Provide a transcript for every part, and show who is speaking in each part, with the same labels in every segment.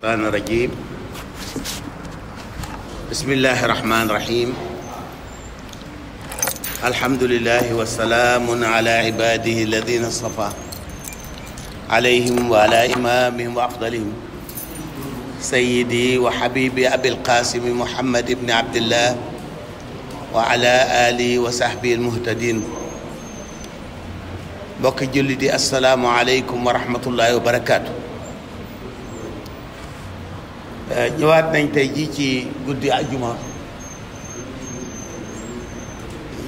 Speaker 1: الرحمن الرجيم بسم الله الرحمن الرحيم الحمد لله وسلام على عباده الذين اصطفى عليهم وعلى إمامهم وأفضلهم سيدي وحبيبي أبي القاسم محمد بن عبد الله وعلى آله وصحبه المهتدين بك جلدي السلام عليكم ورحمة الله وبركاته ñëwaat nañ tey jii ci guddi ajuma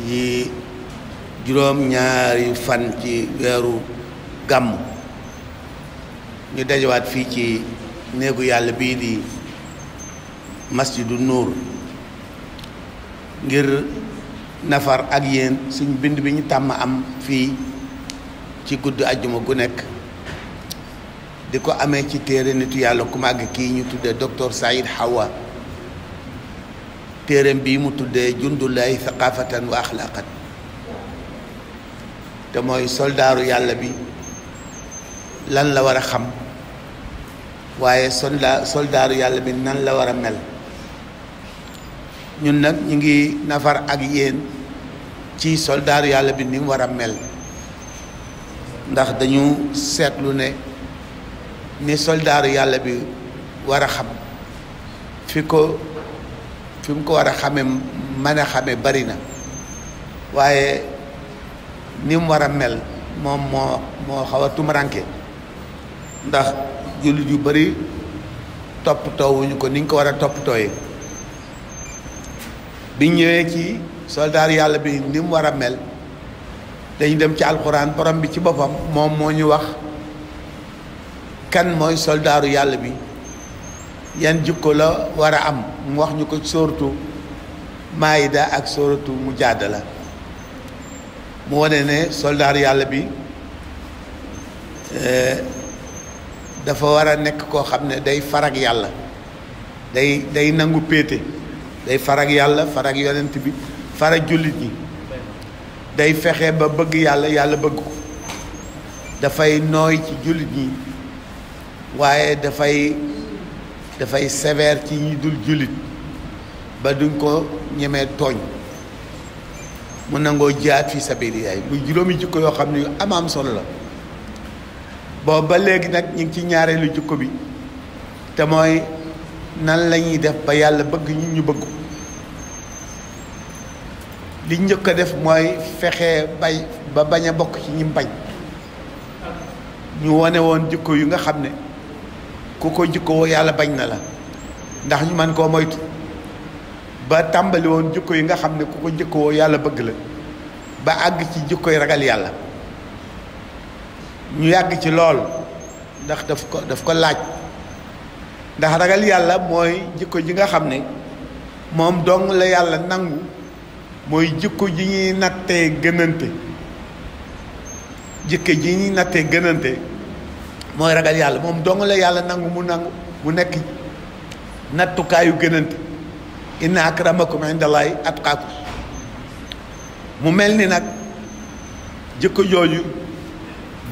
Speaker 1: yi juróom ñaari fan ci weeru gàmm ñu dajawaat fii ci néegu yàlla bii di masjidu nuur ngir nafar ak yéen suñ bind bi ñu tàmm am fii ci guddi ajuma gu nekk di ko amee ci téere nitu yàlla ku màgg kii ñu tuddee docteur Saïd Hawa téereem bi mu tuddee jundulaay thaqafatan wa axlaqan te mooy soldaaru yàlla bi lan la war a xam waaye solda soldaaru yàlla bi nan la war a mel ñun nag ñu ngi nafar ak yéen ci soldaaru yàlla bi ni mu war a mel ndax dañu seetlu ne ni soldaaru yàlla bi war a xam fi ko fi mu ko war a xame mën a xame bari na waaye ni mu war a mel moom moo moo xaw a tumuranke ndax jullit yu bari toppatoo wuñu ko ni ñu ko war a toppatooyee biñ ñëwee ci soldaaru yàlla bi ni mu war a mel dañu dem ci alxuraan borom bi ci boppam moom moo ñu wax kan mooy soldaaru yàlla bi yan jikko la war a am mu wax ñu ko sóoratu mayida ak sóoratu mujaadala mu wane ne soldaar yàlla bi eh, dafa war a nekk koo xam ne day farag yàlla day day nangu péete day farag yàlla farag yonent bi farag jullit yi day fexe ba bëgg yàlla yàlla bëgg ko dafay nooy ci jullit ñi waaye dafay dafay sévère ci ñi dul jullit ba duñ ko ñemee tooñ mu nangoo jihaad fi sabilillah muy juróomi jikko yoo xam ne yu am am solo la boobu ba léegi nag ñu ngi ci ñaareelu jikko bi te mooy nan lañuy def ba yàlla bëgg ñu ñu bëgg li njëkk a def mooy fexe bay ba bañ a bokk ci ñi bañ ñu wone woon jikko yu nga xam ne ku ko jikkoo yàlla bañ na la ndax ñu man koo moytu ba tàmbali woon jikko yi nga xam ne ku ko jikkoo yàlla bëgg la ba àgg ci jikkoy ragal yàlla ñu yàgg ci lool ndax daf ko daf ko laaj ndax ragal yàlla mooy jikko ji nga xam ne moom dong la yàlla nangu mooy jikko ji ñuy natte gënante jikko ji ñuy natte gënante mooy ragal yàlla moom dong la yàlla nangu mu nangu mu nekk nattukaayu gënante inna akramakum indallahi atqaakum mu mel ni nag jëkk jooju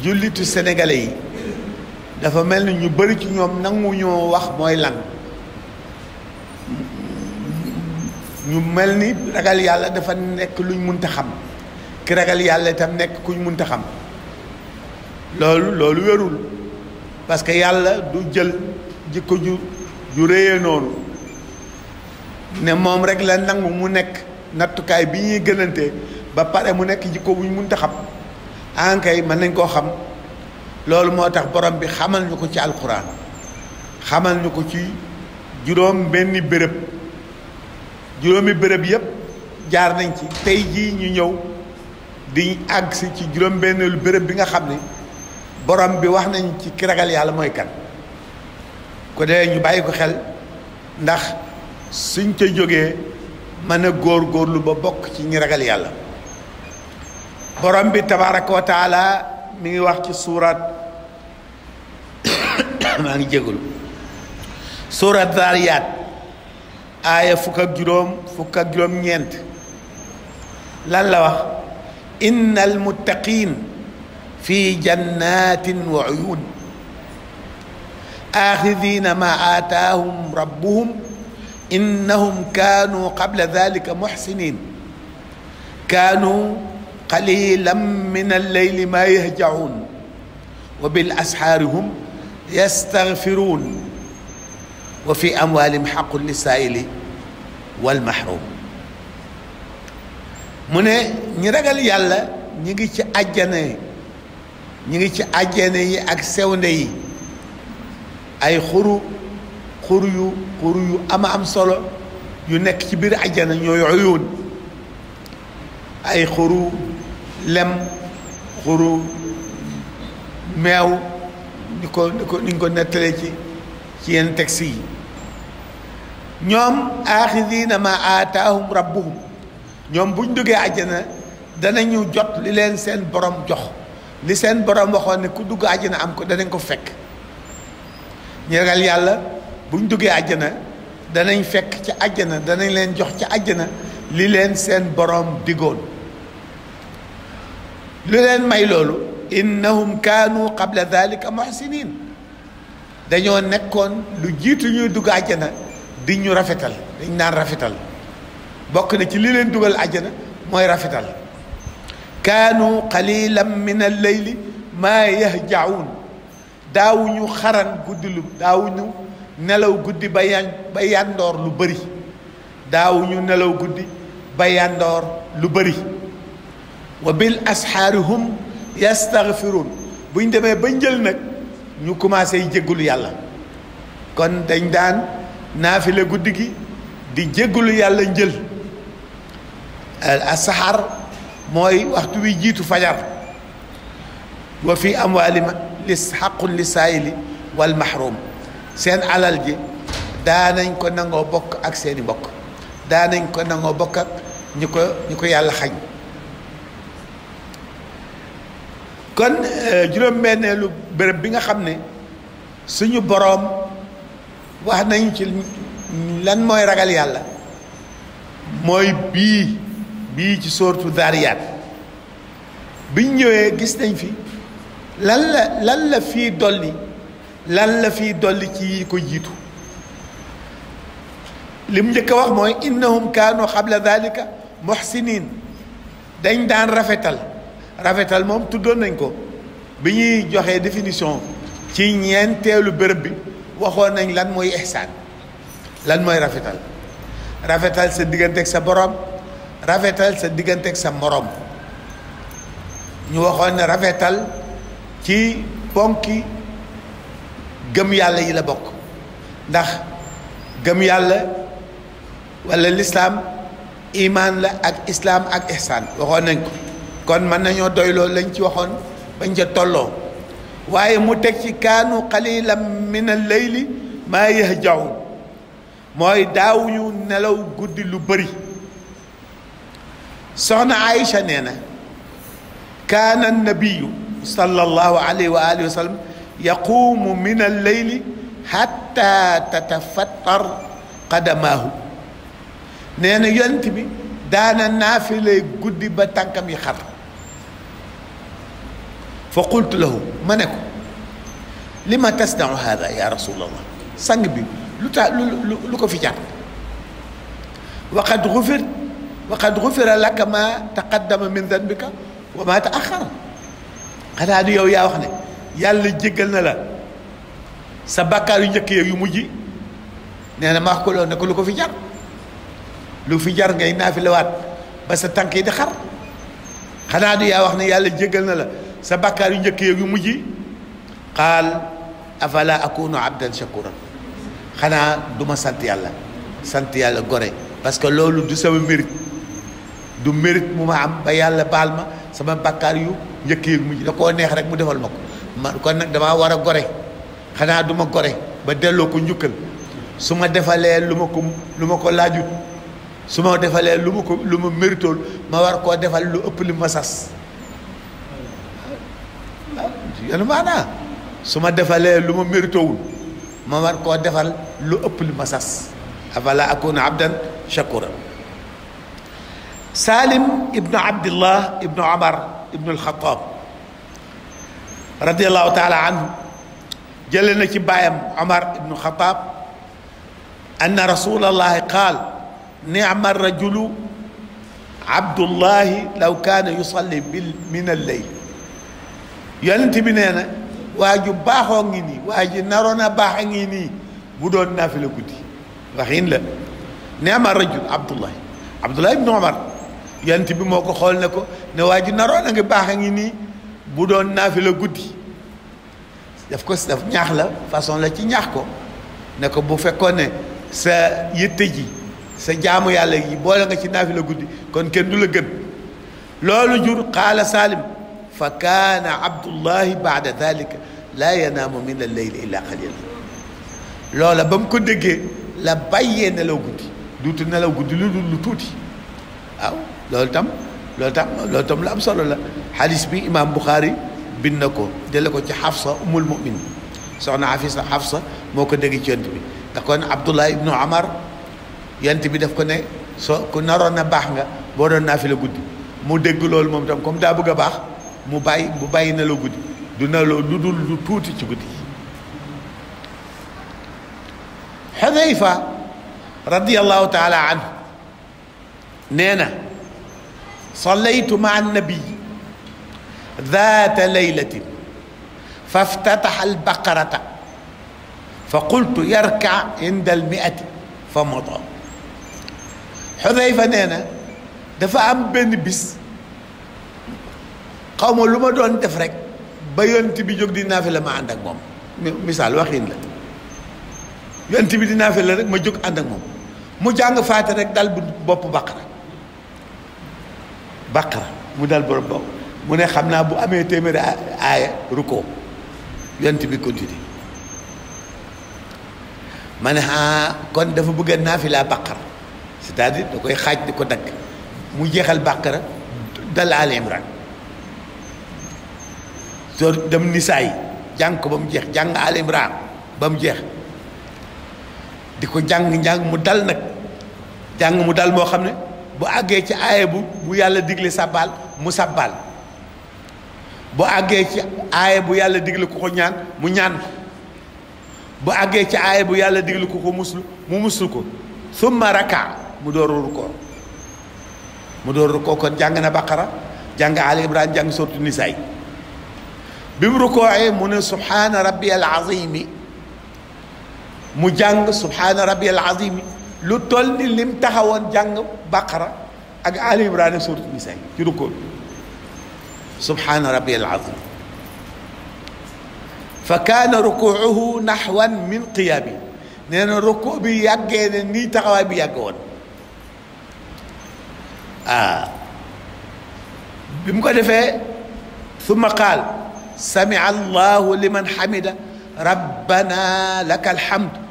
Speaker 1: jullitu sénégalais yi dafa mel ni ñu bari ci ñoom nangu ñoo wax mooy lan ñu mel ni ragal yàlla dafa nekk luñ munta xam ki ragal yàlla itam nekk kuñ munta xam loolu loolu wérul parce que yàlla du jël jikko ju ju réye noonu ne moom rek la nangu mu nekk nattukaay bi ñuy gënante ba pare mu nekk jikko bu ñu mënta xam ankay ah, mën nañ koo xam loolu moo tax borom bi xamal ñu ko ci alxuraan xamal ñu ko ci juróom benni bërëb juróomi béréb yépp jaar nañ ci tey jii ñu ñëw di àgg si ci juróom benneelu béréb bi nga xam ni borom bi wax nañ ci ki ragal yàlla mooy kan ko dee ñu bàyyi ko xel ndax suñ ca jógee mën a góor góorlu ba bokk ci ñi ragal yàlla borom bi tabaraka wa taala mi ngi wax ci suuraat maa ngi jégalu suuraat zaariyaat aaya fukk ak juróom ñeent lan la wax innal muttaqiin fi jannatin wa uyun axidina ma aataahum rabbuhum innahum kaanu qabla dalika muxsinin kaanu qalilan min alleyli ma yahjacuun wa bil asxaari hum yastaxfiruun wa fi amwaalihim xaqun lissaa'ili wal maxruum mu ne ñi ragal yàlla ñi ngi ci àjjana ñu ngi ci àjjana yi ak sewnde yi ay xuru xur yu xur yu ama am solo yu nekk ci biir àjjana ñooy uyuun ay xuru lem xuru meew ni ko ni ko ni ko nettalee ci ci yenn texte yi ñoom aaxidiina ma aataahum rabbuhum ñoom buñ duggee àjjana danañu jot li leen seen borom jox li seen borom waxoon ne ku dugg àjjana am ko danañ ko fekk ñu ragal yàlla buñ duggee àjjana danañ fekk ci àjjana danañ leen jox ci àjjana li leen seen boroom digoon lu leen may loolu innahum kaanu qabla dalika muhsinin dañoo nekkoon lu jiitu ñuy dugg àjjana di ñu rafetal dañ naan rafetal bokk na ci li leen dugal àjjana mooy rafetal kaanu qalilan min al-layli maa yahjaun daawuñu xaran guddi lu daawuñu nelaw guddi ba yan lu bëri daawuñu nelaw guddi ba yàndoor lu bari wa bil asxaari hum yastaghfiruun buñ demee ba njël nag ñu commencé jéggulu yàlla kon dañ daan naafile guddi gi di jéggulu yàlla njël asaxaar mooy waxtu wi jiitu fajar wa fi amwaali li xaqun li saayili wal mahrum seen alal ji daanañ ko nangoo bokk ak seeni mbokk daanañ ko nangoo bokk ak ñi ko ñu ko yàlla xañ kon eh, juróom-benneelu bërëb bi nga xam ne suñu boroom wax nañ ci lan mooy ragal yàlla mooy bii bii ci soortu Zaariyaat biñ ñëwee gis nañ fi lan la lan la fii dolli lan la fii dolli ci ko jiitu lim njëkk a wax mooy innahum kaanu xabla dalika muxsinin dañ daan rafetal rafetal moom tuddoon nañ ko bi ñuy joxee définition ci ñeenteelu bërëb bi waxoon nañ lan mooy ihsaan lan mooy rafetal rafetal sa diggante ak sa borom rafetal sa digganteeg sa morom ñu waxoon na rafetal ci ponki gëm yàlla yi la bokk ndax gëm yàlla wala lislaam imaan la ak islaam ak ihsaan waxoon nañ ko kon mën nañoo doyloo lañ ci waxoon bañ ca tolloo waaye mu teg ci kaanu qalilan min al-layli maa yahjaun mooy daawuñu nelaw guddi lu bari soxna Aïcha nee na kaana annabiyu sallallahu alayhi wa alihi wa sallam yaquumu min alleyli xatta tatafattar qadamaahu nee na yont bi daana naafile guddi ba tànkam yi xar fa qultu lahu ma ne ko li ma tasnau hada ya rasulallah sang bi lu tax lu lu ko fi jar waqad gufir wa qad xufira laka ma taqaddama min zanbika wa ma taaxara xanaa du yow yaa wax ne yàlla jéggal na la sa bàkkaar yu njëkk yeeg yu mujj nee na ma wax ko fi jar fi jar ngay naafilewaat ba sa tànk yi di xar wax ne yàlla jéggal na la sa bàkkaar yu njëkk yu mujj qaal afala akunu abdan shakuran xanaa du sant yàlla sant yàlla gore parce que loolu du sama mérite du mérite mu ma am ba yàlla baal ma sama bakkaar yu njëkk yi mujj da koo neex rek mu defal ma ko man ko nag damaa war a gore xanaa duma gore ba delloo ko njukkal su ma defalee lu ma ko lu ma ko laajut su ma defalee lu ma ko lu ma méritool ma war koo defal lu ëpp li ma sas yenu maanaa su ma defalee lu ma méritowul ma war koo defal lu ëpp li ma sas afala akuna abdan shakura Salim ibnu Abdillah ibnu Amar ibnu Alxataab radiallahu taala anhu jële na ci baayam Amar ibnu Xataab anna rasulallahi qaal nicma rajulu abdullahi law kaana yusalli bil min alleyl yonent bi nee na waa ju baaxoo ngi nii waa ji naroon a baax a ngi nii bu doon naafila guddi waxin la nicma rajul abdullahi abdullahi ibnu Amar yant bi moo ko xool ne ko ne waa ji naroon a ngi baax a ngi nii bu doon naafi la guddi daf ko daf ñaax la façon la ci ñaax ko ne ko bu fekkoon ne sa yëtte ji sa jaamu yàlla yi boole nga ci naafi la guddi kon kenn du la gën loolu jur qaala Salim fa kaana abdullahi baada dalika laa yanaamu min al-layli illaa qaliila loola ba ko déggee la bàyyee nelaw guddi duutu nelaw guddi lu dul lu tuuti aw loolu tam loolu tam loolu tam lu am solo la xadis bi imaam Buxaari bind na ko jële ko ci Xafsa umul mumin soxna Afisa Xafsa moo ko dégg ci yant bi ndax kon Abdullah ibnu Amar yant bi daf ko ne soo ku naroon na baax nga boo doon naa fi la guddi mu dégg loolu moom tam comme daa bëgg a baax mu bàyyi bu bàyyi na la guddi du na loo lu dul lu tuuti ci guddi Xudayfa radiyallahu taala anhu nee na صليت مع النبي ذات ليلة فافتتح البقرة فقلت يركع عند المئة فمضى xudayfa nee na dafa am benn bis xaw ma lu ma doon def rek ba yont bi jóg di naafila ma ànd ak moom misaal waxin la yont bi di naafila rek ma jóg ànd ak moom mu jàng faate rek dal bu bopp baqara bàq baqara mu dal borom mu ne xam naa bu amee téeméer aaya rukkoo yonent bi continue ma ne ah, kon dafa bëgg a naafila baqara c'est-à-dire da koy xaaj di ko dagg mu jeexal baqara dal al imran soo dem nisaa yi jàng ko ba mu jeex jàng al imran ba mu jeex di ko jàng njàng mu dal nag jàng mu dal moo xam ne bu àggee ci aaya bu bu yàlla digle sàbbaal mu sàbbaal bu àggee ci aaya bu yàlla digle ku ko ñaan mu ñaan bu àggee ci aaya bu yàlla digle ku ko muslu mu muslu ko summa raka mu door rukkoo mu door rukkoo kon jàng na baqara jàng ali imran jàng sortu nisaay bi mu rukkooee mu ne subhaana rabbiyal azimi mu jàng subhaana rabbiyal azimi lu toll ni lim taxawoon jàng baqara ak ali imran suurat nisaa ci rukkoo subhaana rabbiyal azim fa kaana rukuuhu naxwan min qiyaami nee na rukkoo bi yàggee ne nii taxawaay bi yàgg woon ah bi mu ko defee summa qaal samia allahu liman xamida rabbana laka alhamdu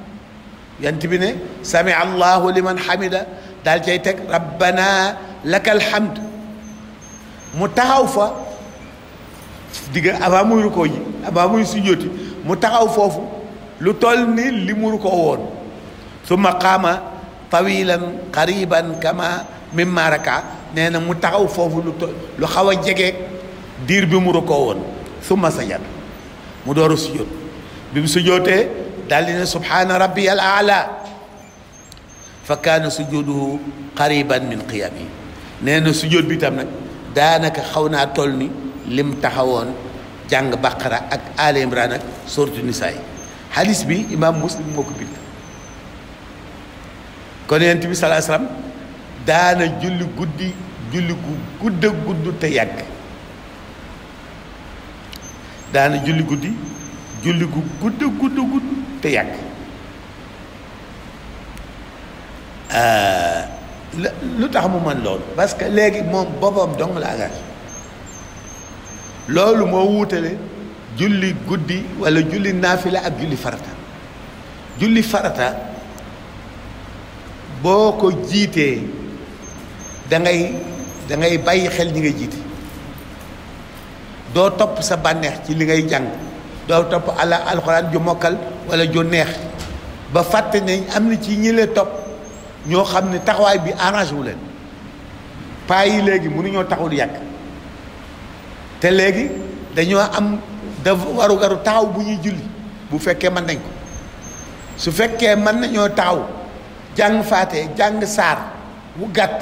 Speaker 1: yant bi ne sami allahu liman hamida daal cay teg rabbana lakal hamd mu taxaw fa digga avant muy rukkoo ji avant muy sujjóoti mu taxaw foofu lu tol ni li mu rukkoo woon summa qaama tawilan qariban kama mimma raka nee na mu taxaw foofu lu toll lu xaw a jege diir bi mu rukkoo woon summa sajada mu door a sujjóot bi daal di ne subhaana rabbi al aala fa kaana sujuduhu qariban min qiyami nee na sujud bi tam nag daanaka xaw naa toll ni lim taxawoon jàng baqara ak ali imran ak sortu nisaa yi xadis bi imaam muslim moo ko bind kon yonent bi salaa salaam daana julli guddi julli gu gudd a gudd te yàgg daana julli guddi julli gu gudd gudd gudd te yàgg euh, lu tax mu mën loolu parce que léegi moom boppam dong la engagé loolu moo wuutale julli guddi walla julli naafila ak julli farata julli farata boo ko jiitee da dangay da bàyyi xel ñi ngay jiite doo topp sa bànneex ci li ngay jàng doo topp ala alxuraan ju mokkal wala ju neex ba fàtte ne am na ci ñi la topp ñoo xam ne taxawaay bi arrangé wu leen paa yi léegi mënuñoo taxaw di yàgg te léegi dañoo am da waru taxaw bu ñuy julli bu fekkee mën nañ ko su fekkee mën nañoo taxaw jàng faate jàng saar wu gàtt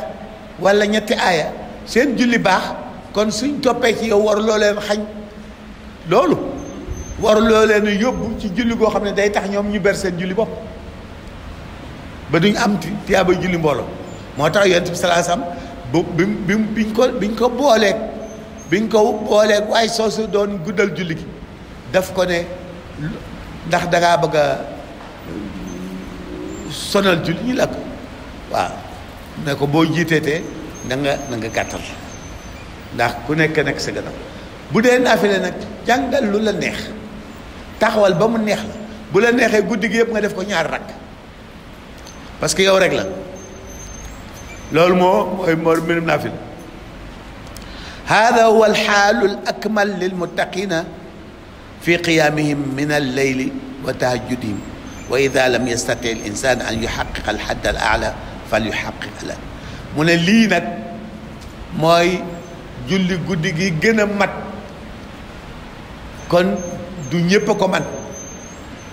Speaker 1: wala ñetti aaya seen julli baax kon suñ toppee ci yow waru loo leen xañ loolu waruloo leen yóbbu ci julli goo xam ne day tax ñoom ñu ber seen julli bopp ba duñ am tiyaaba julli mbooloo moo tax yonent bi salaasam bu bi bi biñ ko biñ ko booleeg biñ ko booleeg waaye soosu doon guddal julli gi ko ne ndax dangaa bëgg a sonal julli ko boo jiitee te nga na nga gàttal ndax ku nekk nekk sa gannaaw bu dee naafile nag jàngal lu la neex taxawal ba mu neex la bu la neexee guddi gi yëpp nga def ko ñaar rakk parce que yow rek la loolu moo mooy moo mbirum naafil hada huwa alxaalu al akmal lil muttaqina fi qiyaamihim min al leyli wa tahajjudihim wa ida lam yastati al insan an yuxaqiqa al xadd al aala fal yuxaqiq la mu ne lii nag mooy julli guddi gi gën a mat kon du ñépp a ko man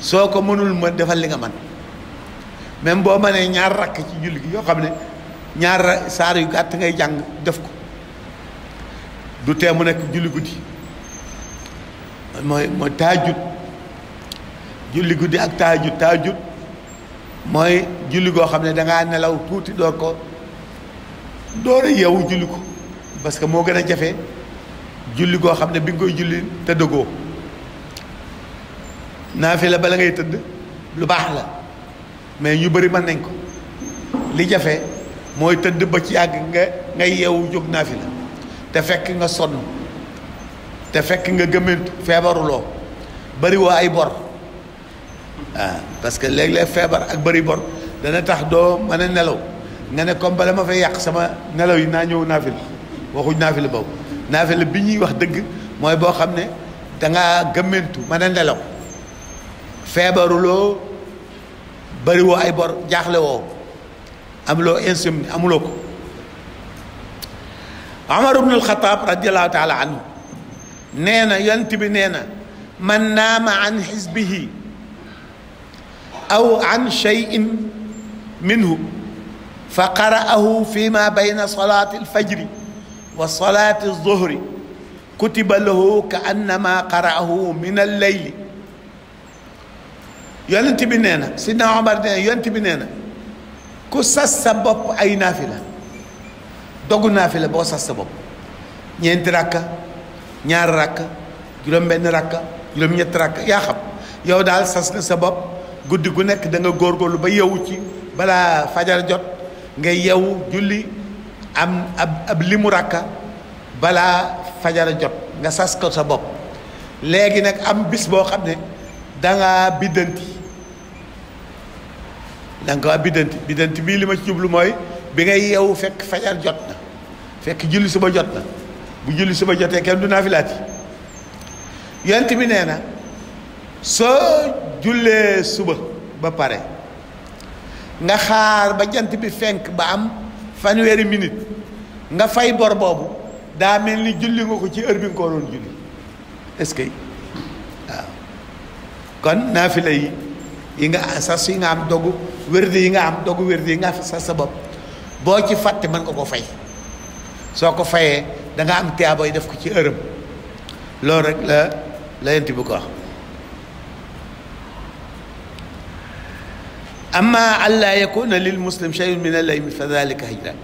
Speaker 1: soo ko mënul mën defal li nga man même boo mënee ñaar rakk ci julli gi yoo xam ne ñaar saar yu gàtt ngay jàng def ko du tee mu nekk julli guddi mooy mooy taajut julli guddi ak taajut mooy julli goo xam ne danga nelaw tuuti door ko door a yeewu julli ko parce que moo gën a jafe julli goo xam ne bi nga koy julli te dëggoo la bala ngay tëdd lu baax la mais ñu bëri mën nañ ko li jafe mooy tëdd ba ci yàgg nga ngay yeewu jóg naafila te fekk nga sonn te fekk nga gëmmentu feebaruloo bëri woo ay bor waaw ah, parce que léeg-léeg feebar ak bëri bor dana tax doo mën a nelaw nga ne comme bala ma fay yàq sama nelaw yi naa ñëw naafila waxuñ naafila boobu naafila bi ñuy wax dëgg mooy boo xam ne dangaa gëmmentu mën a nelaw feebaruloo bariwoo ay bor jaaxle woo amuloo insomnie amuloo ko Umar ibn al-Khattab radiyallahu taala anhu nee na yonent bi nee na man naama an xisbihi aw an cheyin minhu fa qara'ahu fi ma bayna salaati alfajri wa salaati alzuhri kutiba lahu ka annama qara'ahu min alleyli yonent bi nee na sidna Omar nee na yonent bi nee na ku sas sa bopp ay naafi la dogu naafi la boo sas sa bopp ñeenti rakka ñaari rakka juróom-benn rakka juróom-ñetti rakka yaa xam yow daal sas na sa bopp guddi gu nekk da nga góorlu ba yowu ci balaa fajar jot nga yewu julli am ab limu rakka balaa fajar jot nga sas ko sa bopp léegi nag am bis boo xam ne. dangaa biddanti dangaa biddanti biddanti bii li ma ci jublu mooy bi ngay yeewu fekk fajar jot na fekk julli suba jot na bu julli suba jotee kenn du naafilaati yonent bi nee na soo jullee suba ba pare nga xaar ba jant bi fenk ba am fanweeri minute nga fay bor boobu daa mel ni julli nga ko ci heure bi nga julli kon naafila yi yi nga sas yi nga am dogu wérdi yi nga am dogu wérdi yi nga sas sa bopp boo ci fàtte mën nga koo fay soo ko fayee danga nga am tiyaabooy def ko ci ërëm loolu rek la la yent bi ko wax amma allah yakuna lil muslim shay'un min al-laymi fa dhalika hijran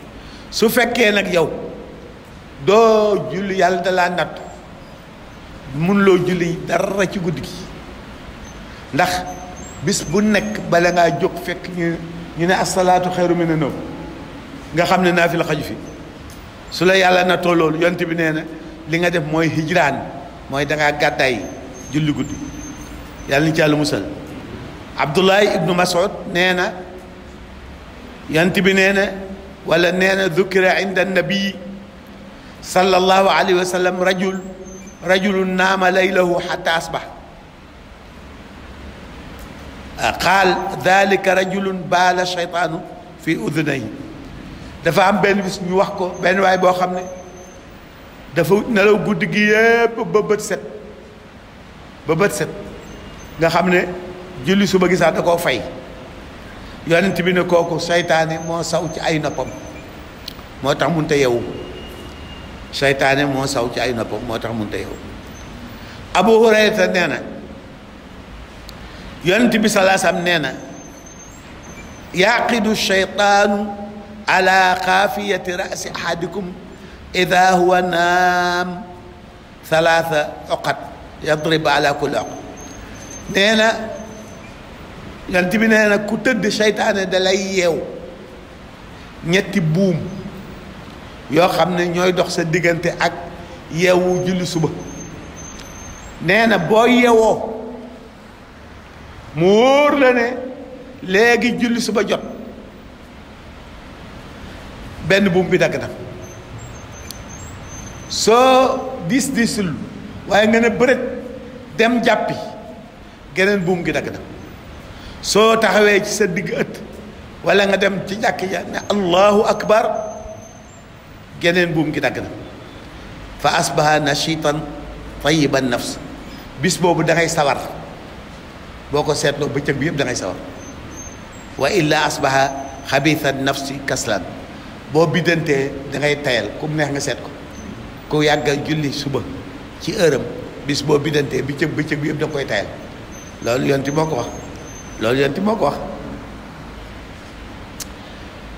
Speaker 1: su fekkee nag yow doo julli yàlla da laa natt mun loo julli dara ci guddi gi ndax bis bu nekk bala ngaa jóg fekk ñu ñu ne asalaatu xayru mina nawm nga xam ne naafila xaju fi su la yàlla na too loolu bi nee na li nga def mooy hijraan mooy da ngaa gàddaay julli guddi yàlla ni ci yàlla musal abdullahi ibnu mas'ud nee na yonent bi neena walla neena nee na dukira inda nabii sallallahu alayhi wa sallam rajul rajulun naama laylahu xata asbax qaal dalika rajulun baala shaytaanu fi udunay dafa am benn bis ñu wax ko benn waay boo xam ne dafa nelaw guddi gi yépp ba bët set ba bët set nga xam ne julli suba gisaat da koo fay yonent bi ne kooku seytaane moo saw ci ay noppam moo tax munte yewu seytaane moo saw ci ay noppam moo tax munte yewu Abu Hurayra nee na yonent bi salaasam nee na yaaqidu sheytaanu ala xaafiyati rasi ahadikum ida huwa naam thalaatha oqat yadrib ala kulli oq nee na yonent bi nee na ku tëdd seytaane da lay ñetti buum yoo xam ne ñooy dox sa diggante ak yeewu julli suba nee na boo yeewoo mu wóor la ne léegi julli suba jot benn buum bi dagg na soo diis diisul waaye nga ne bërët dem jàppi geneen buum gi dagg na soo taxawee ci sa digg ëtt walla nga dem ci jàkk ja ne allahu akbar geneen buum gi dagg na fa na nashitan tayiban nafs bis boobu da ngay sawar boo ko seetloo bëccëg bi yëpp da ngay sawar wa illa asbaha xabithan nafsi kaslan boo biddantee dangay ngay tayal ku mu neex nga seet ko ku yàgga julli suba ci heure am bis boo biddantee bëccëg bëccëg bi yëpp da koy tayal loolu yonti boo ko wax loolu yonti moo ko wax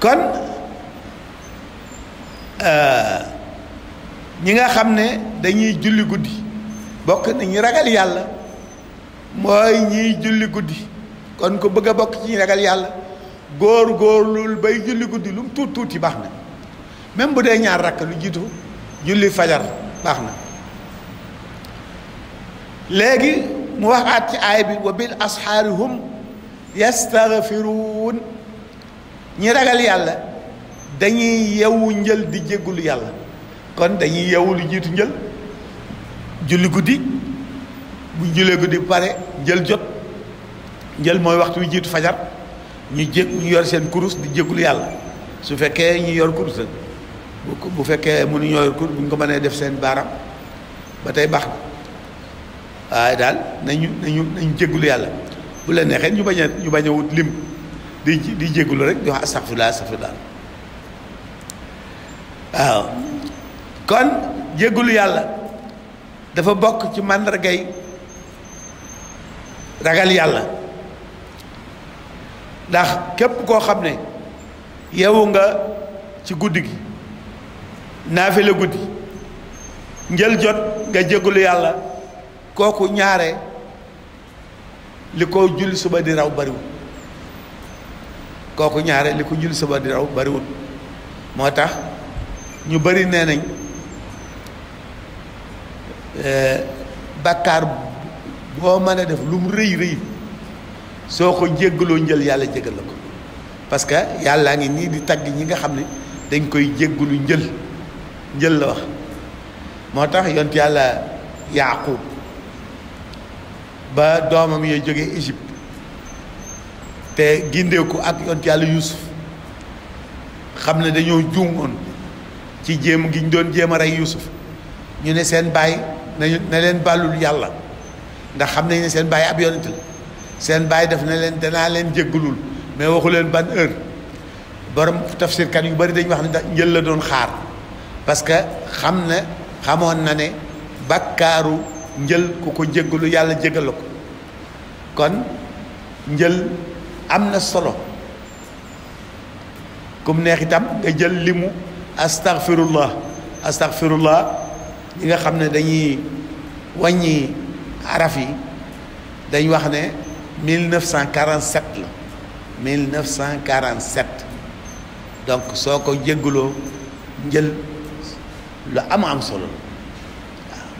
Speaker 1: kon euh, ñi nga xam ne dañuy julli guddi bokk na ñu ragal yàlla mooy ñiy julli guddi kon ko bëgg a bokk ci ñi ragal yàlla góor góorlul bay julli guddi lu mu tuut tuuti baax na même bu dee ñaar rakk lu jiitu julli fajar baax na léegi mu waxaat ci aay bi wa bil asxaari hum yastaghfiruun ñi ragal yàlla dañuy yewu njël di jéggulu yàlla kon dañuy yewu lu jiitu njël julli guddi bu ko di pare jël jot jël mooy waxtu wi jiitu fajar ñu jég ñu yor seen kurus di jégul yàlla su fekkee ñu yor kurus la bu bu fekkee mënuñu yor kurus bu ñu ko mënee def seen baaram ba tey baax na waaye daal nañu nañu nañu jégul yàlla bu la neexee ñu bañ ñu bañ a wut lim di di jégulu rek di wax astaghfirullah astaghfirullah waaw kon jégul yàlla dafa bokk ci màndargay ragal yàlla ndax képp koo xam ne yeewu nga ci guddi gi naafila guddi njël jot nga jégalu yàlla kooku ñaare li ko julli suba di raw bariwul kooku ñaare li ko julli suba di raw bariwut moo tax ñu bari nee nañ eh, bàkkaar boo mën a def lu mu rëy rëy soo ko jéggaloo njël yàlla jéggal la ko parce que yàllaa ngi nii di tagg ñi nga xam ne dañ koy jéggalu njël njël la wax moo tax yont yàlla yaaqub ba doomam yee jóge Égypte te gindeeku ak yont yàlla yuusuf xam ne dañoo juumoon ci jéem gi ñu doon jéem a rey yuusuf ñu ne seen baay na na leen bàllul yàlla ndax xam nañ ne seen bàyyi ab yonent la seen bàyyi def na leen danaa leen jéggalul mais waxu leen ban heure borom tafsir yu bari dañu wax ne da njël la doon xaar parce que xam na xamoon na ne bakkaaru njël ku ko jéggalu yàlla jéggal ko kon njël am na solo kum neex itam jël limu astaghfirullah astaghfirullah ñi nga xam ne dañuy wàññi araf yi dañ wax ne 1947 la mille 1947 donc soo ko jégguloo njël lu am am solo la waaw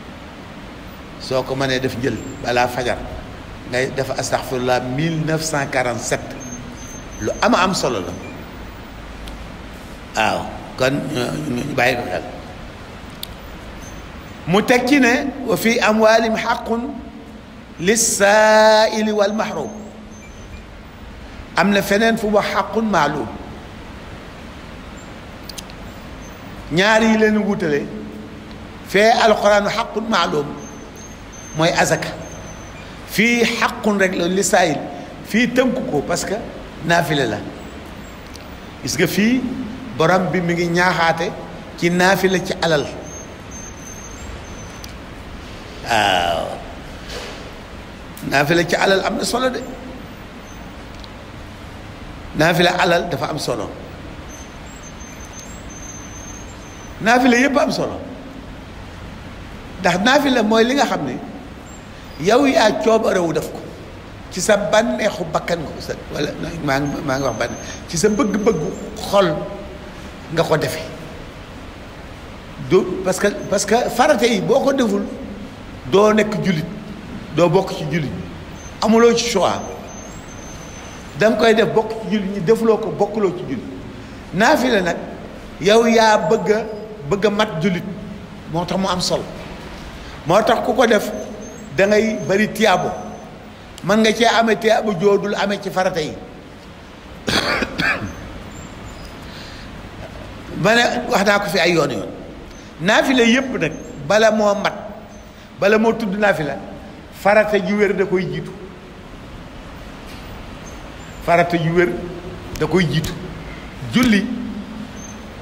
Speaker 1: soo ko mënee def njël balaa fajar ngay def astaghfirullah 1947 lu am am solo la waaw kon bàyyi ko xel mu teg ci ne wa fi amwaalim xaqun lissaili wal mahrum am na feneen fu wax xaqun maalum ñaar yi leen wutale fee alxuraanu xaqun maalum mooy azaka fii xaqun rek la lissail fii tënk ko parce que naafile la gis nga fii borom bi mi ngi ñaaxaate ci naafile ci alal waaw naafila ci alal am na solo de la alal dafa am solo naafi la yépp am solo ndax la mooy li nga xam ni yow yaa coobarewu def ko ci sa bànneexu bakkan nga ko maa ngi wax bànneex ci sa bëgg-bëggu xol nga ko defe du parce que parce que farata yi boo ko deful doo nekk jullit doo bokk ci jullit amuloo ci choix da koy def bokk ci jullit ñi defuloo ko bokkuloo ci jullit naafila nag yow yaa bëgg a mat jullit moo tax mu am sol moo tax ku ko def da ngay bari tiyaabo mën nga cee amee tiyaabo joodul amee ci farata yi ma wax naa ko fi ay yoon yoon naafila yépp nag bala moo mat bala moo tudd naafila farata ju wér jiitu farata ju wér da koy jiitu julli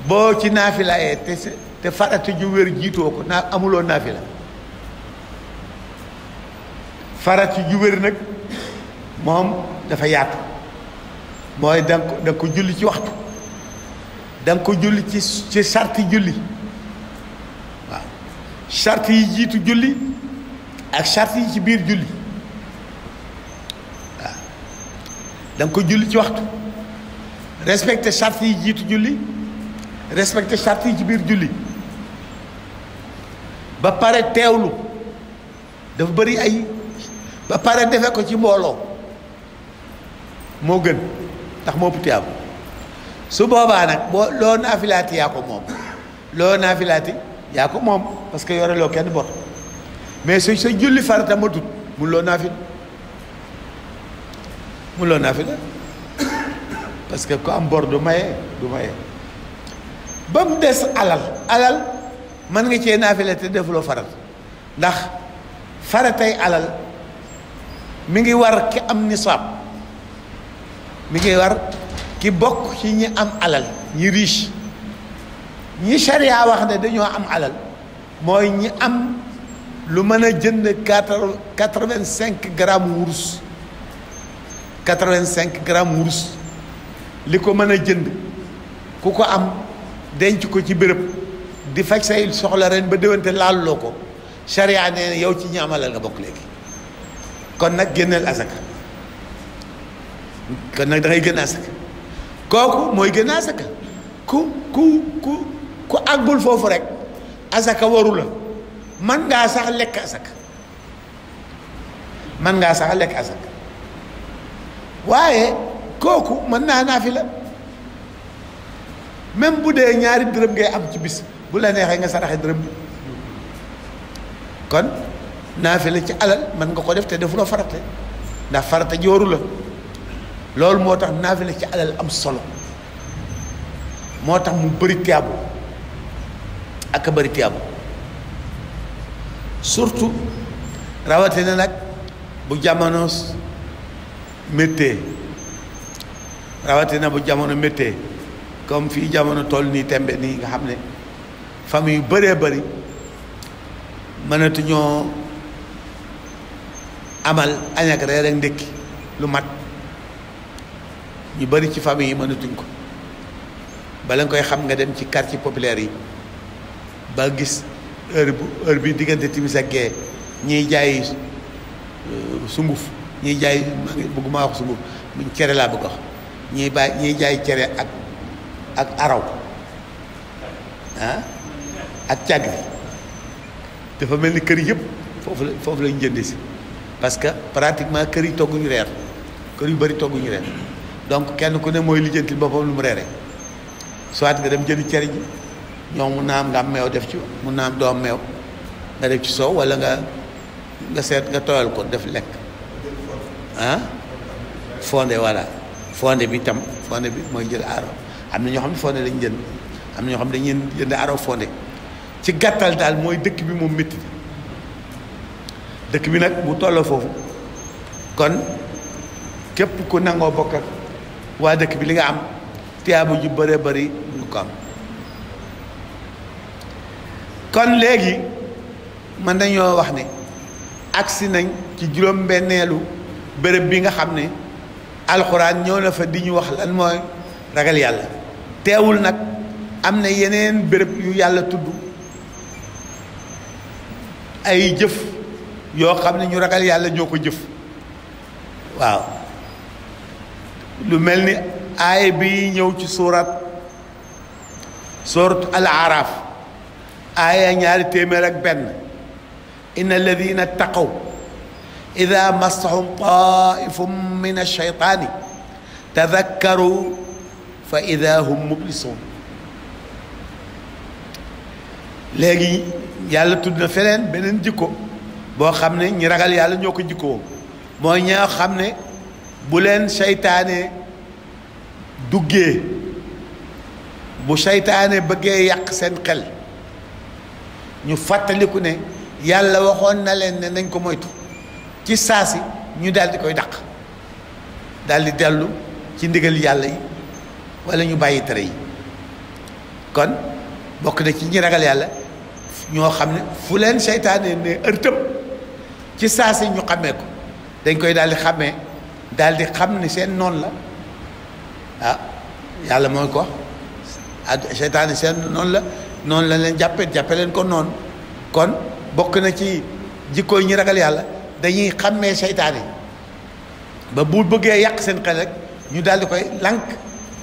Speaker 1: boo ci naafilaayee te te farata ju wér jiitoo ko naa amuloo naafila farata ju wér nag moom dafa yaatu mooy da ko julli ci waxtu da ko julli ci sart julli waaw sart yi jiitu julli ak charte yi ci biir julli waaw da ko julli ci waxtu respecté charte yi jiitu julli respecte charte yi ci biir julli ba pare teewlu dafa bari ay ba pare defe ko ci mbooloo moo gën ndax moo ëpp tiyaab su boobaa nag boo loo naafilaati yaa ko moom loo naafilaati yaa ko moom parce que yore loo kenn bor mais su sa julli farata matut mun loo naafil mun loo naafila parce que ku am bor du maye du maye ba mu des alal alal mën nga cee naafila te defuloo farata ndax faratay alal mi ngi war ki am nisaab mu ngi war ki bokk ci ñi am alal ñi riche ñi charia wax ne dañoo am alal mooy ñi am lu mën a jënd quatre quatre vingt cinq grammes wurus quatre vingt cinq grammes wurus li ko mën a jënd ku ko am denc ko ci bërëb di faj say soxla ren ba déwante laaluloo ko charia nee na yow ci ñaamalal nga bokk léegi kon nag génneel asaka kon nag da ngay kooku mooy génn asaka ku ku ku ku àggul foofu rek asaka waru la man ngaa sax lekk asaka man ngaa sax lekk asaka waaye kooku mën naa naafila même bu dee ñaari dërëm ngay am ci bis bu la neexee nga saraxe dërëm bi kon naafila ci alal mën nga ko def te defuloo farate ndax farata jooru la loolu moo tax naafila ci alal am solo moo tax mu bari tiyaabo ak a bëri surtout rawatina nag bu jamono méttee rawatina bu jamono méttee comme fii jamono tool nii tembe nii nga xam ne famille yu bëree bëri mënatuñoo amal añ ak ndékki lu mat ñu bëri ci famille yi mënatuñ ko bala nga koy xam nga dem ci quartier populaire yi ba gis heure bu heure bi diggante timis ak gee ñuy jaay euh, sunguf ñuy jaay bëgguma wax sunguf cere laa bëgg wax ñiy bàyyi ñiy jaay cere ak ak araw ah ak càgg dafa mel ni kër yëpp foofu la foofu lañu jënd si parce que pratiquement kër yi togguñu reer kër yu bëri togguñu reer donc kenn ku ne mooy lijjanti boppam lu mu reere soit nga dem jënd cere ji ñoom mun naam am nga meew def ci mun naa am doo meew nga def ci soow walla nga nga seet nga tooyal ko def lekk ah fonde voilà fonde bi tam fonde bi mooy jël aaro am na ñoo xam ne fonde lañ jënd am na ñoo xam ne dañuy jënd aaro fonde ci gàttal daal mooy dëkk bi moom métti dëkk bi nag mu tolloo foofu kon képp ku nangoo bokk waa dëkk bi li nga am tiyaabu ju bëree bëri ñu ko am kon léegi mën nañoo wax ni agsi nañ ci juróom-benneelu bërëb bi nga xam ni alxuraan ñëw na fa di ñu wax lan mooy ragal yàlla teewul nag am na yeneen bërëb yu yàlla tudd ay jëf yoo xam ne ñu ragal yàlla ñoo ko jëf waaw lu mel ni aaya bi ñëw ci suurat suurat al aaya ñaari téeméer ak benn inna alladina taqaw ida massahum taifum min alcheytaani tadakkaru fa ida hum mublisun léegi yàlla tudd na feneen beneen jikko boo xam ne ñi ragal yàlla ñoo ko jikkoo mooy ñoo xam ne bu leen seytaane duggee bu seytaane bëggee yàq seen xel ñu fàttaliku ne yàlla waxoon na leen ne dañ ko moytu ci si ñu daal koy daq daldi di dellu ci ndigal yàlla yi wala ñu bàyyi tere yi kon bokk na ci ñi ragal yàlla ñoo xam ne fu leen seytaane ne ërtëb ci saasi ñu xàmmee ko dañ koy daal di xàmmee daldi xam ne seen noon la ah yàlla mooy ko ah seytaane seen noonu la noonu la leen jàppee jàppe leen ko noonu kon bokk na ci jikko yi ñu ragal yàlla dañuy xàmmee seytaane yi ba bu bëggee yàq seen xel rek ñu daal di koy lànk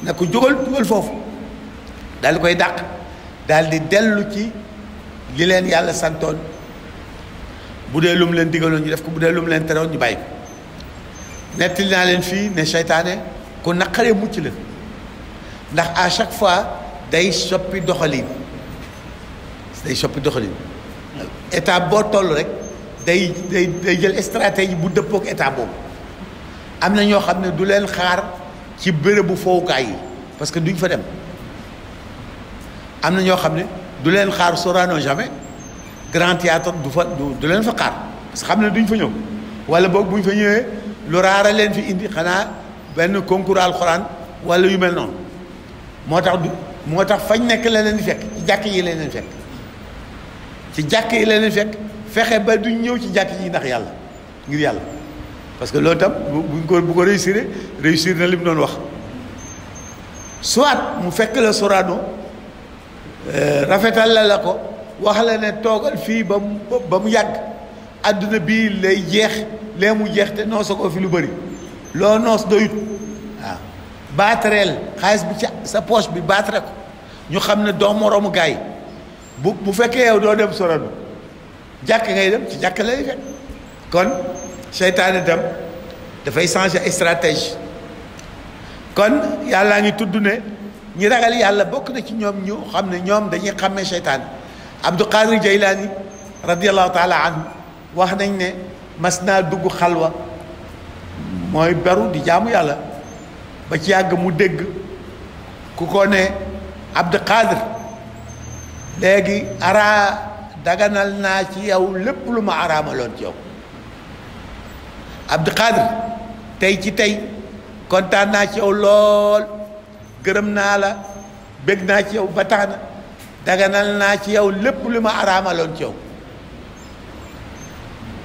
Speaker 1: na ko jógal dugal foofu daal koy dàq daal di dellu ci li leen yàlla santoon bu dee lum leen digaloon ñu def ko bu dee lum leen teroon ñu bàyyi ko nettali naa leen fii ne seytaane ku naqaree mucc la ndax à chaque fois day soppi doxalin day soppi doxalin état boo toll rek day day day jël stratégie bu dëppook état boobu am na ñoo xam ne du leen xaar ci bérébu fowukaay yi parce que duñ fa dem am na ñoo xam ne du leen xaar Sorano jamais grand théâtre du fa du leen fa xaar parce xam ne duñ fa ñëw wala boog buñ fa ñëwee lu raara fi indi xanaa benn concours alxuraan wala yu mel noonu moo tax du moo tax fañ nekk la leen di fekk jàkk yi la leen fekk ci jàkk yi la fekk fexe ba duñ ñëw ci jàkk yi ndax yàlla ngir yàlla parce que loolu tam buñ ko bu ko réussir réussir na li mu doon wax soit mu fekk la Sorano euh, rafetal la la ko wax la ne toogal fii ba mu ba mu yàgg àdduna bii lay jeex lee mu jeex te noosa ko fi lu bëri loo noos doyut waaw baatareel xaalis bi ci sa poche bi baatare ko ñu xam ne doom moroomu gars yi bu bu fekkee yow doo dem Sorano jàkk ngay dem ci jàkk lay fekk kon seytaane dem dafay changer stratégie kon yàlla ngi tudd ne ñi ragal yàlla bokk na ci ñoom ñu xam ne ñoom dañuy xàmmee seytaane Abdul Qadir Jaylaani radiallahu taala anhu wax nañ ne mas naa dugg xalwa mooy beru di jaamu yàlla ba ci yàgg mu dégg ku ko ne Abdul Qadir léegi araa daganal naa ci yow lépp lu ma araamaloon ci yow Abdou Khadr tey ci tey kontaan naa ci yow lool gërëm naa la bëgg naa ci yow ba tax na daganal naa ci yow lépp lu ma araamaloon ci yow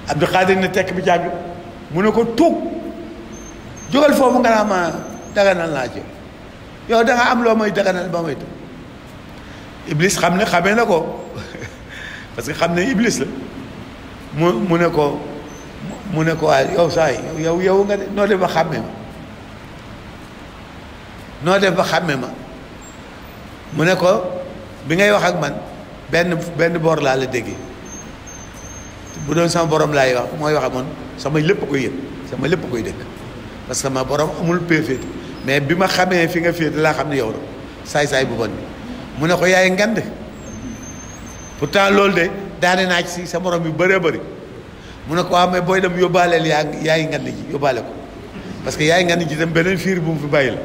Speaker 1: Abdou Khadr ne tekk bi jàgg mu ne ko tuug jógal foofu nga naa ma daganal naa ci yow yow da am loo may daganal ba may tuug iblis xam ne xamee na ko parce que xam ne iblis la mu mu ne ko mu ne ko waaye yow saay yow yow nga de noo def ba xàmme ma noo def ba xàmme ma mu ne ko bi ngay wax ak man benn benn boor laa la déggee bu doon sama borom laay wax mooy wax ak man sama lépp koy yëg sama lépp koy dégg parce que ma borom amul péeféet mais bi ma xamee fi nga féet laa xam ne yow la saay-saay bu bon bi mu ne ko yaay ngande ngand pourtant loolu de daane naa ci si sa moroom yu baree bari mu ne ko amee booy dem yóbbaaleel yaa yaay ngande ji yóbbaale ko parce que yaay ngande ji dem beneen fiir bu mu fi bàyyi la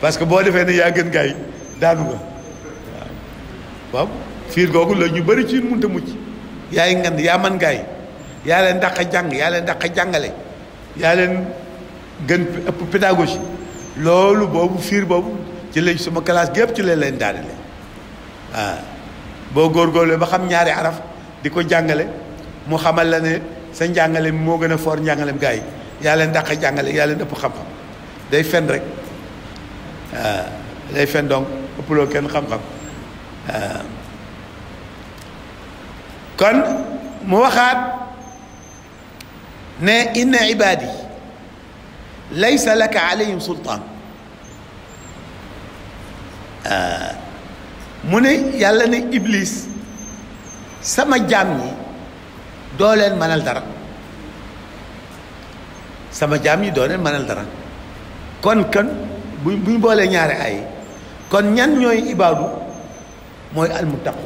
Speaker 1: parce que boo defee ne yaa gën gaay daanu nga fiir googu la ñu bëri ci munta mucc yaay ngand yaa man gaay yaa leen dàq jàng yaa leen dàq jàngale yaa leen gën ëpp loolu boobu fiir boobu ci lañ suma classe gépp ci lañ leen daanele Ah. boo góor góorgóorlu ba xam ñaari araf di ko jàngale mu xamal la ne sa njàngale moo gën a foor njàngalem gars yi yaa leen dàq jàngale yaa leen ëpp xam-xam day fen rek ah. day fen ëpploo kenn xam-xam ah. kon mu waxaat ne inna ibaadi laysa laka alayhim sultaan mu ne yàlla ne iblis sama jaam ñi doo leen mënal dara sama jaam yi doo leen mënal dara kon kon bu bu boolee ñaari ay kon ñan ñooy ibaadu mooy almuttaqu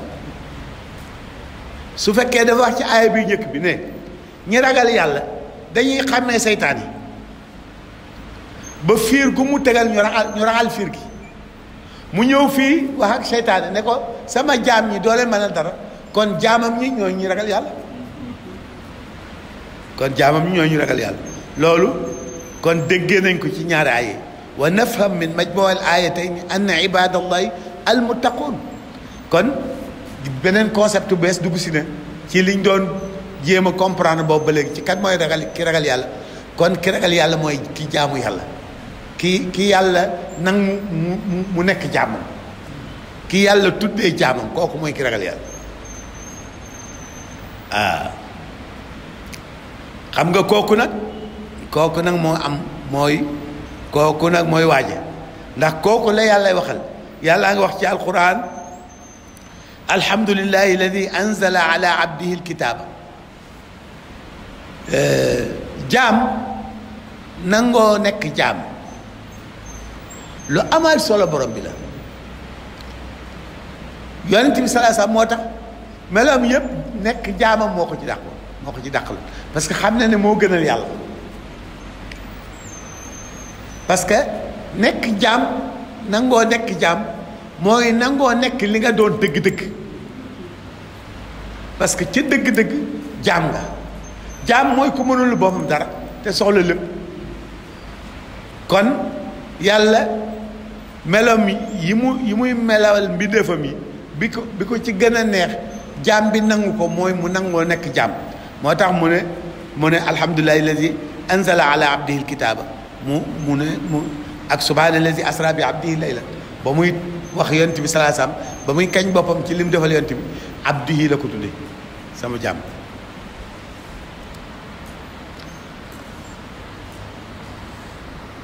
Speaker 1: su fekkee dafa wax ci aaya bi njëkk bi ne ñi ragal yàlla dañuy xàmmee seytaan yi ba fiir gu mu tegal ñu raxal ñu raxal fiir gi mu ñëw fii wax ak seytaane ne ko sama jaam ñi doo leen mën a dara kon jaamam ñi ñoo ñu ragal yàlla kon jaamam ñi ñoo ñu ragal yàlla loolu kon déggee nañ ko ci ñaari aaya wa nafham min majmuu al aayatayn anna ibadallahi al muttaquun kon beneen concept bees dugg si ne ci liñ doon jéem a comprendre boobu ba léegi ci kat mooy ragal ki ragal yàlla kon ki ragal yàlla mooy ki jaamu yàlla ki ki yàlla nang mu nekk jaamam ki yàlla tuddee jaamam kooku mooy ki ragal yàlla waaw ah. xam nga kooku nag kooku nag moo am mooy kooku nag mooy waaje ndax kooku la yàllay waxal yàlla nga wax ci alquran alhamdulillahi alladi anzala ala abdihi alkitaaba eh, jaam nangoo nekk jaam lu amal solo borom bi la yonent bi salaa moo tax meloom yëpp nekk jaamam moo ko ci dàqu moo ko ci dàqal parce que xam na ne moo gënal yàlla parce que nekk jaam nangoo nekk jaam mooy nangoo nekk li nga doon dëgg-dëgg parce que ca dëgg-dëgg jaam nga jaam mooy ku mënul boppam dara te soxla lépp kon yàlla melom yi mu yi muy melal mbindeefam yi bi ko bi ko ci gën a neex jaam bi nangu ko mooy mu nangoo nekk jaam moo tax mu ne mu ne alhamdulillahi alladi anzala ala abdihi alkitaaba la mu ne mu bi abdihi layla ba muy wax yonent bi salaasam ba muy kañ boppam ci lim defal yonent bi abdihi la ko tudde sama jaam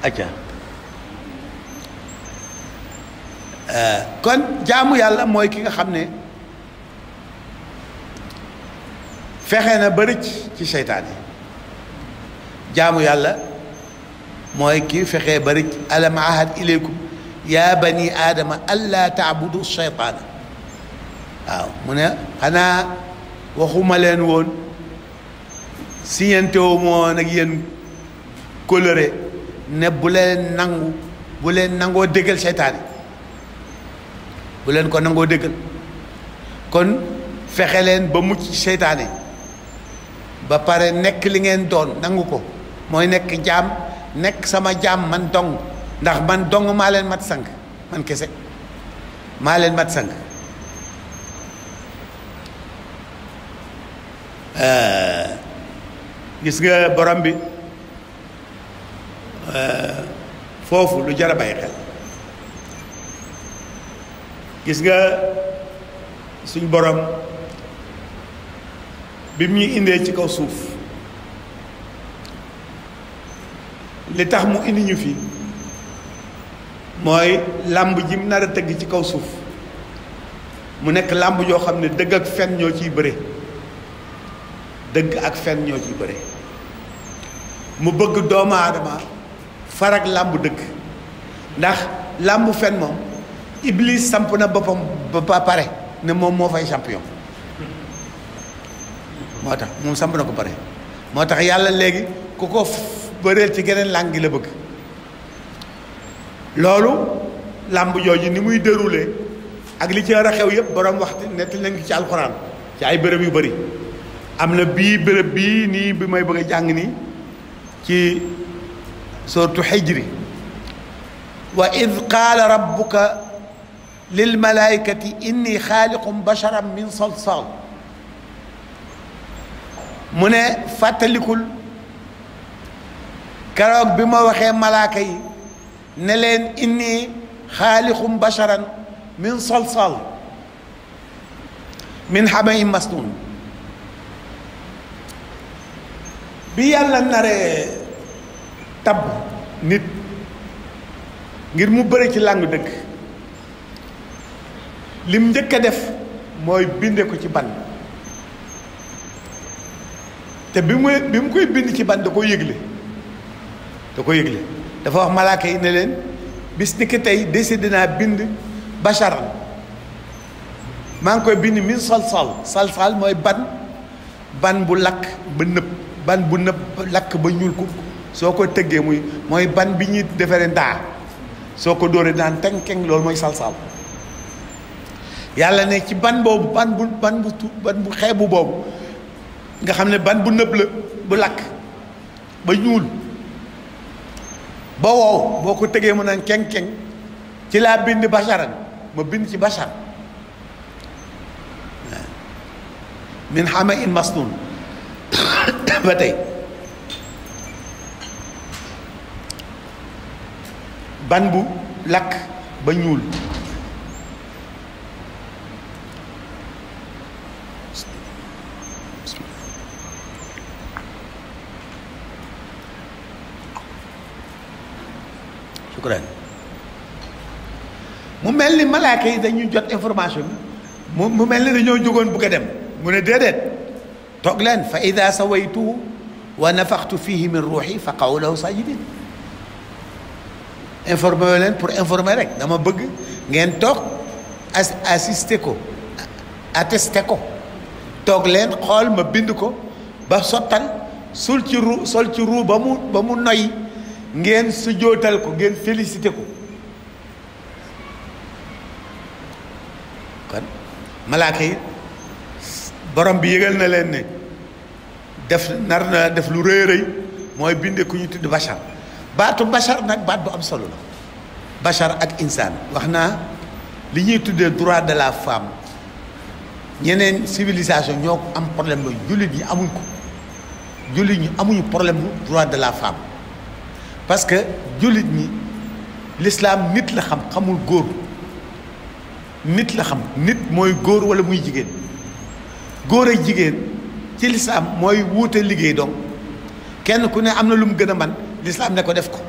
Speaker 1: acca Euh, kon jaamu yàlla mooy ki nga xam ne fexe na ba rëcc ci seytaan jaamu yàlla mooy ki fexe ba rëcc alam ahad ilaykum yaa bani aadama allaa taabudu seytaana waaw mu ne xanaa waxuma leen woon siñante woo moo nag yéen ne bu leen nangu bu leen nangoo déggal seytaan bu leen ko nangoo dëggal kon fexe leen ba mucc seytaane ba pare nekk li ngeen doon nangu ko mooy nekk jaam nekk sama jaam man dong ndax man dong maa leen mat sang man kese maa leen mat sang eh, gis nga borom bi eh, foofu lu jar a bàyyi xel gis nga suñ boroom bi muy indee ci kaw suuf li tax mu indi ñu fi mooy làmb ji mu nar a tëgg ci kaw suuf mu nekk làmb joo xam ne dëgg ak fen ñoo ciy bëre dëgg ak fen ñoo ciy bëre mu bëgg doomu aadama farak làmb dëgg ndax làmb fen moom Iblis samp na boppam ba pare ne moom moo fay champion moo tax moom samp na ko pare moo tax yàlla léegi ku ko bëreel ci geneen làng gi la bëgg loolu làmb jooju ni muy déroulé ak li ci a xew yëpp borom waxtu nettali nañu ci alxuraan ci ay béréb yu bëri am na bii béréb bii nii bi may bëgg a jàng nii ci sortu xijri wa id qaala rabbuka lil malaayikati inni xaaliqum basharan min salsal mu ne fàttalikul keroog bi ma waxee malaaka yi ne leen inni xaaliqum basharan min salsal min xamayin masnun bi yàlla naree tab nit ngir mu bëri ci làngu dëkk lim njëkk a def mooy binde ko ci ban te bi mu bi mu koy bind ci ban da ko yëgle da ko yëgle dafa wax malaaka yi ne leen bis ni ki tey décidé dinaa bind bachar maa ngi koy bind min salsal salsal mooy ban ban bu lakk ba nëb ban bu nëb lakk ba ñuul ko soo ko tëggee muy mooy ban bi ñuy defaree ndaa soo ko dóoree daan teng keng loolu mooy salsal yàlla ne ci ban boobu ban bu ban bu ban bu xeebu boobu nga xam ne ban bu nëb la bu lakk ba ñuul ba wow boo ko tegee mu naan keng-keng ci laa bind basaran ma bind ci basar min xama ba tey ban bu lakk ba ñuul shukran mu mel ni malaaka yi dañuy jot information bi mu mel ni dañoo jógoon bëgg dem mu ne déedéet toog leen fa ida sawaytuhu wa nafaxtu fihi min ruuxi fa qaw lahu sajidin informé leen pour informer rek dama bëgg ngeen toog as assisté ko attesté ko toog leen xool ma bind ko ba sottal sul ci ruu sol ci ruu ba mu ba mu noyyi ngeen sujootal ko ngeen félicité ko kon malaaka yi borom bi yëgal na leen ne def nar def lu rëy rëy mooy binde ku ñu tudd bachar baatu bachar nag baat bu am solo la bachar ak insaan wax naa li ñuy tuddee droit de la femme ñeneen civilisation ñoo am problème la jullit ñi amuñ ko jullit ñi amuñu problème droit de la femme parce que jullit ñi lislaam nit la xam xamul góor nit la xam nit mooy góor wala muy jigéen góor ay jigéen ci lislaam mooy wuute liggéey donc kenn ku ne am na lu mu gën a man lislaam ne ko def ko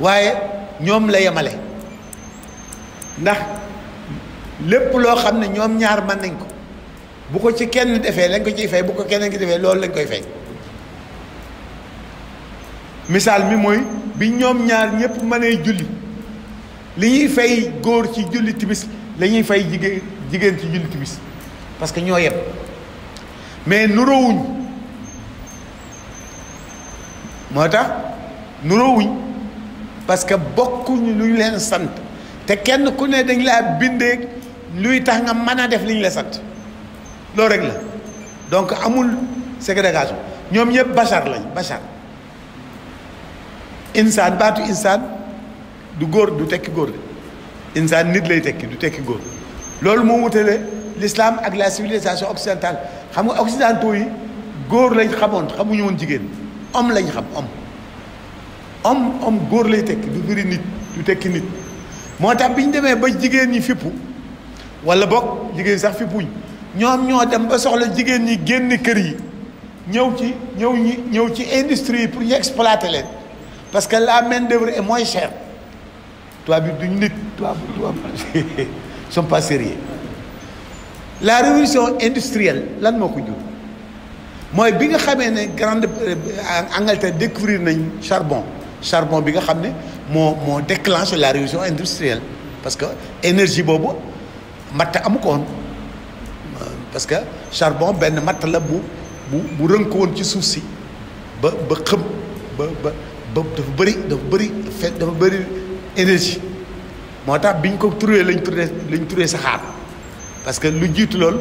Speaker 1: waaye ñoom la yemale ndax lépp loo xam ne ñoom ñaar man nañ ko bu ko ci kenn defee lañ ko ciy fay bu ko kenn ki defee loolu lañ koy fay misaal mi mooy bi ñoom ñaar ñëpp mënee julli li ñuy fay góor ci julli tibis la ñuy fay jigéen jigéen ci julli tibis parce que ñoo yem mais nuroowuñ moo tax nuroowuñ parce que bokkuñ lu ñu leen sant te kenn ku ne dañ laa bindee luy tax nga mën a def li la sant loolu rek la donc amul ségrégation ñoom ñëpp bachar lañ bachar insaan baatu insaan du góor du tekki góor de insaan nit lay tekki du tekki góor loolu moo wutale l'islam ak la civilisation occidentale xam nga occidentaux yi góor lañ xamoon xamuñu woon jigéen homme lañ xam om homme om góor lay tekki du firi nit du tekki nit moo tax bi ñu demee ba jigéen ñi fippu wala bokk jigéen sax fippuñ ñoom ñoo dem ba soxla jigéen ñi génn kër yi ñëw ci ñëw ñi ñëw ci industrie yi pour ñu exploiter leen parce que la main d'œuvre est moins chère tubaab bi duñ nit tubaab tubaab sont pas sérieux la révolution industrielle lan moo ko jur mooy bi nga xamee ne grande euh, Angleterre découvrir nañ charbon charbon bi nga xam ne moo moo déclenché la révolution industrielle parce que énergie boobu matt amu ko que charbon benn matt la bu bu rënk woon ci suuf si ba ba xëm ba ba ba dafa bëri dafa bëri fe dafa bëri énergie moo tax biñ ko turee lañ turee lañ turee saxaar parce que lu jiitu lool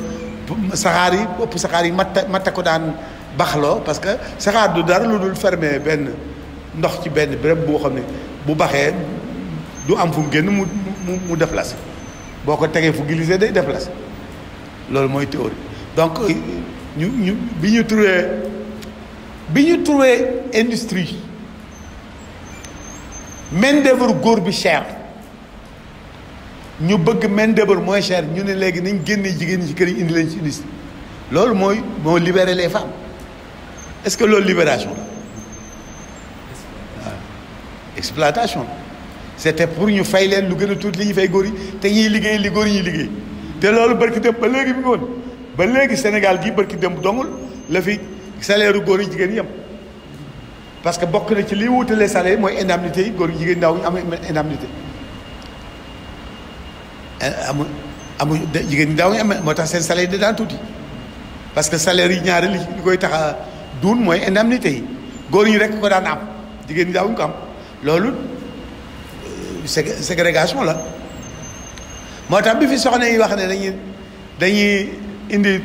Speaker 1: saxaar yi ëpp saxaar yi matta matta ko daan baxloo parce que saxaar du dara lu dul fermer benn ndox ci benn béréb boo xam ne bu baxee du am fu mu génn mu mu mu boo ko tegee fu glissé day déplacé loolu mooy théorie donc euh, ñu ñu bi ñu turee bi ñu turee industrie main d'œuvre góor bi cher ñu bëgg main d'œuvre moins cher ñu ne léegi nañ génne jigéen ñi ci kër yi indi leen ci industrie loolu mooy moo libérer les femmes est-ce que loolu libération la waaw exploitation c'était pour ñu fay leen lu gën a tuuti li ñuy fay góor yi te ñuy liggéey li góor yi ñuy liggéey te loolu barki dem ba léegi bi woon ba léegi Sénégal gii barki dem dongul la fi salaire góor yi jigéen yem parce que bokk na ci liy wutale salaire mooy indemnité yi góor jigéen ndaw ñu amul indemnité eh, amul amul jigéen ndaw ñu am moo tax seen salaire da daan tuuti parce que salaire yi ñaari li koy tax a mooy indemnité yi góor ñi rek ko daan am jigéen ñi daawuñu ko am loolu euh, ségrégation la moo tax bi fi soxna yi wax ne dañuy dañuy indi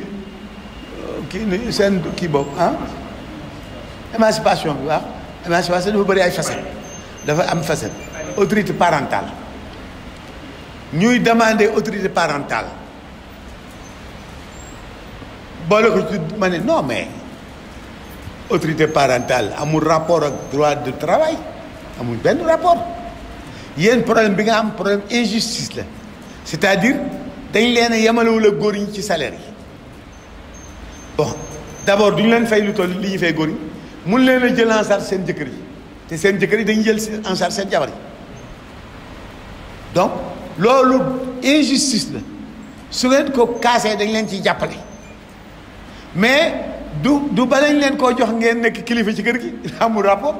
Speaker 1: euh, seen kii boobu ah, émancipation bi waaw émancipation dafa bari ay facettes dafa am facette autorité parentale ñuy demander autorité parentale boole ko ci ma ne mais autorité parentale amul rapport ak droit de travail amul benn rapport yéen problème bi nga am problème injustice la c'est-à-dire dañ leen a yemalewul ak góor ñi ci salaire yi bon d'abord du ñu leen fay lu toll li ñu fay góor mun leen a jël en seen jëkkër yi te seen jëkkër yi dañuy jël en charge seen jabar yi donc loolu injustice la su ngeen ko kaasee dañ leen ciy jàppale mais du du ba lañ leen koo jox ngeen nekk kilifa ci kër gi amul rapport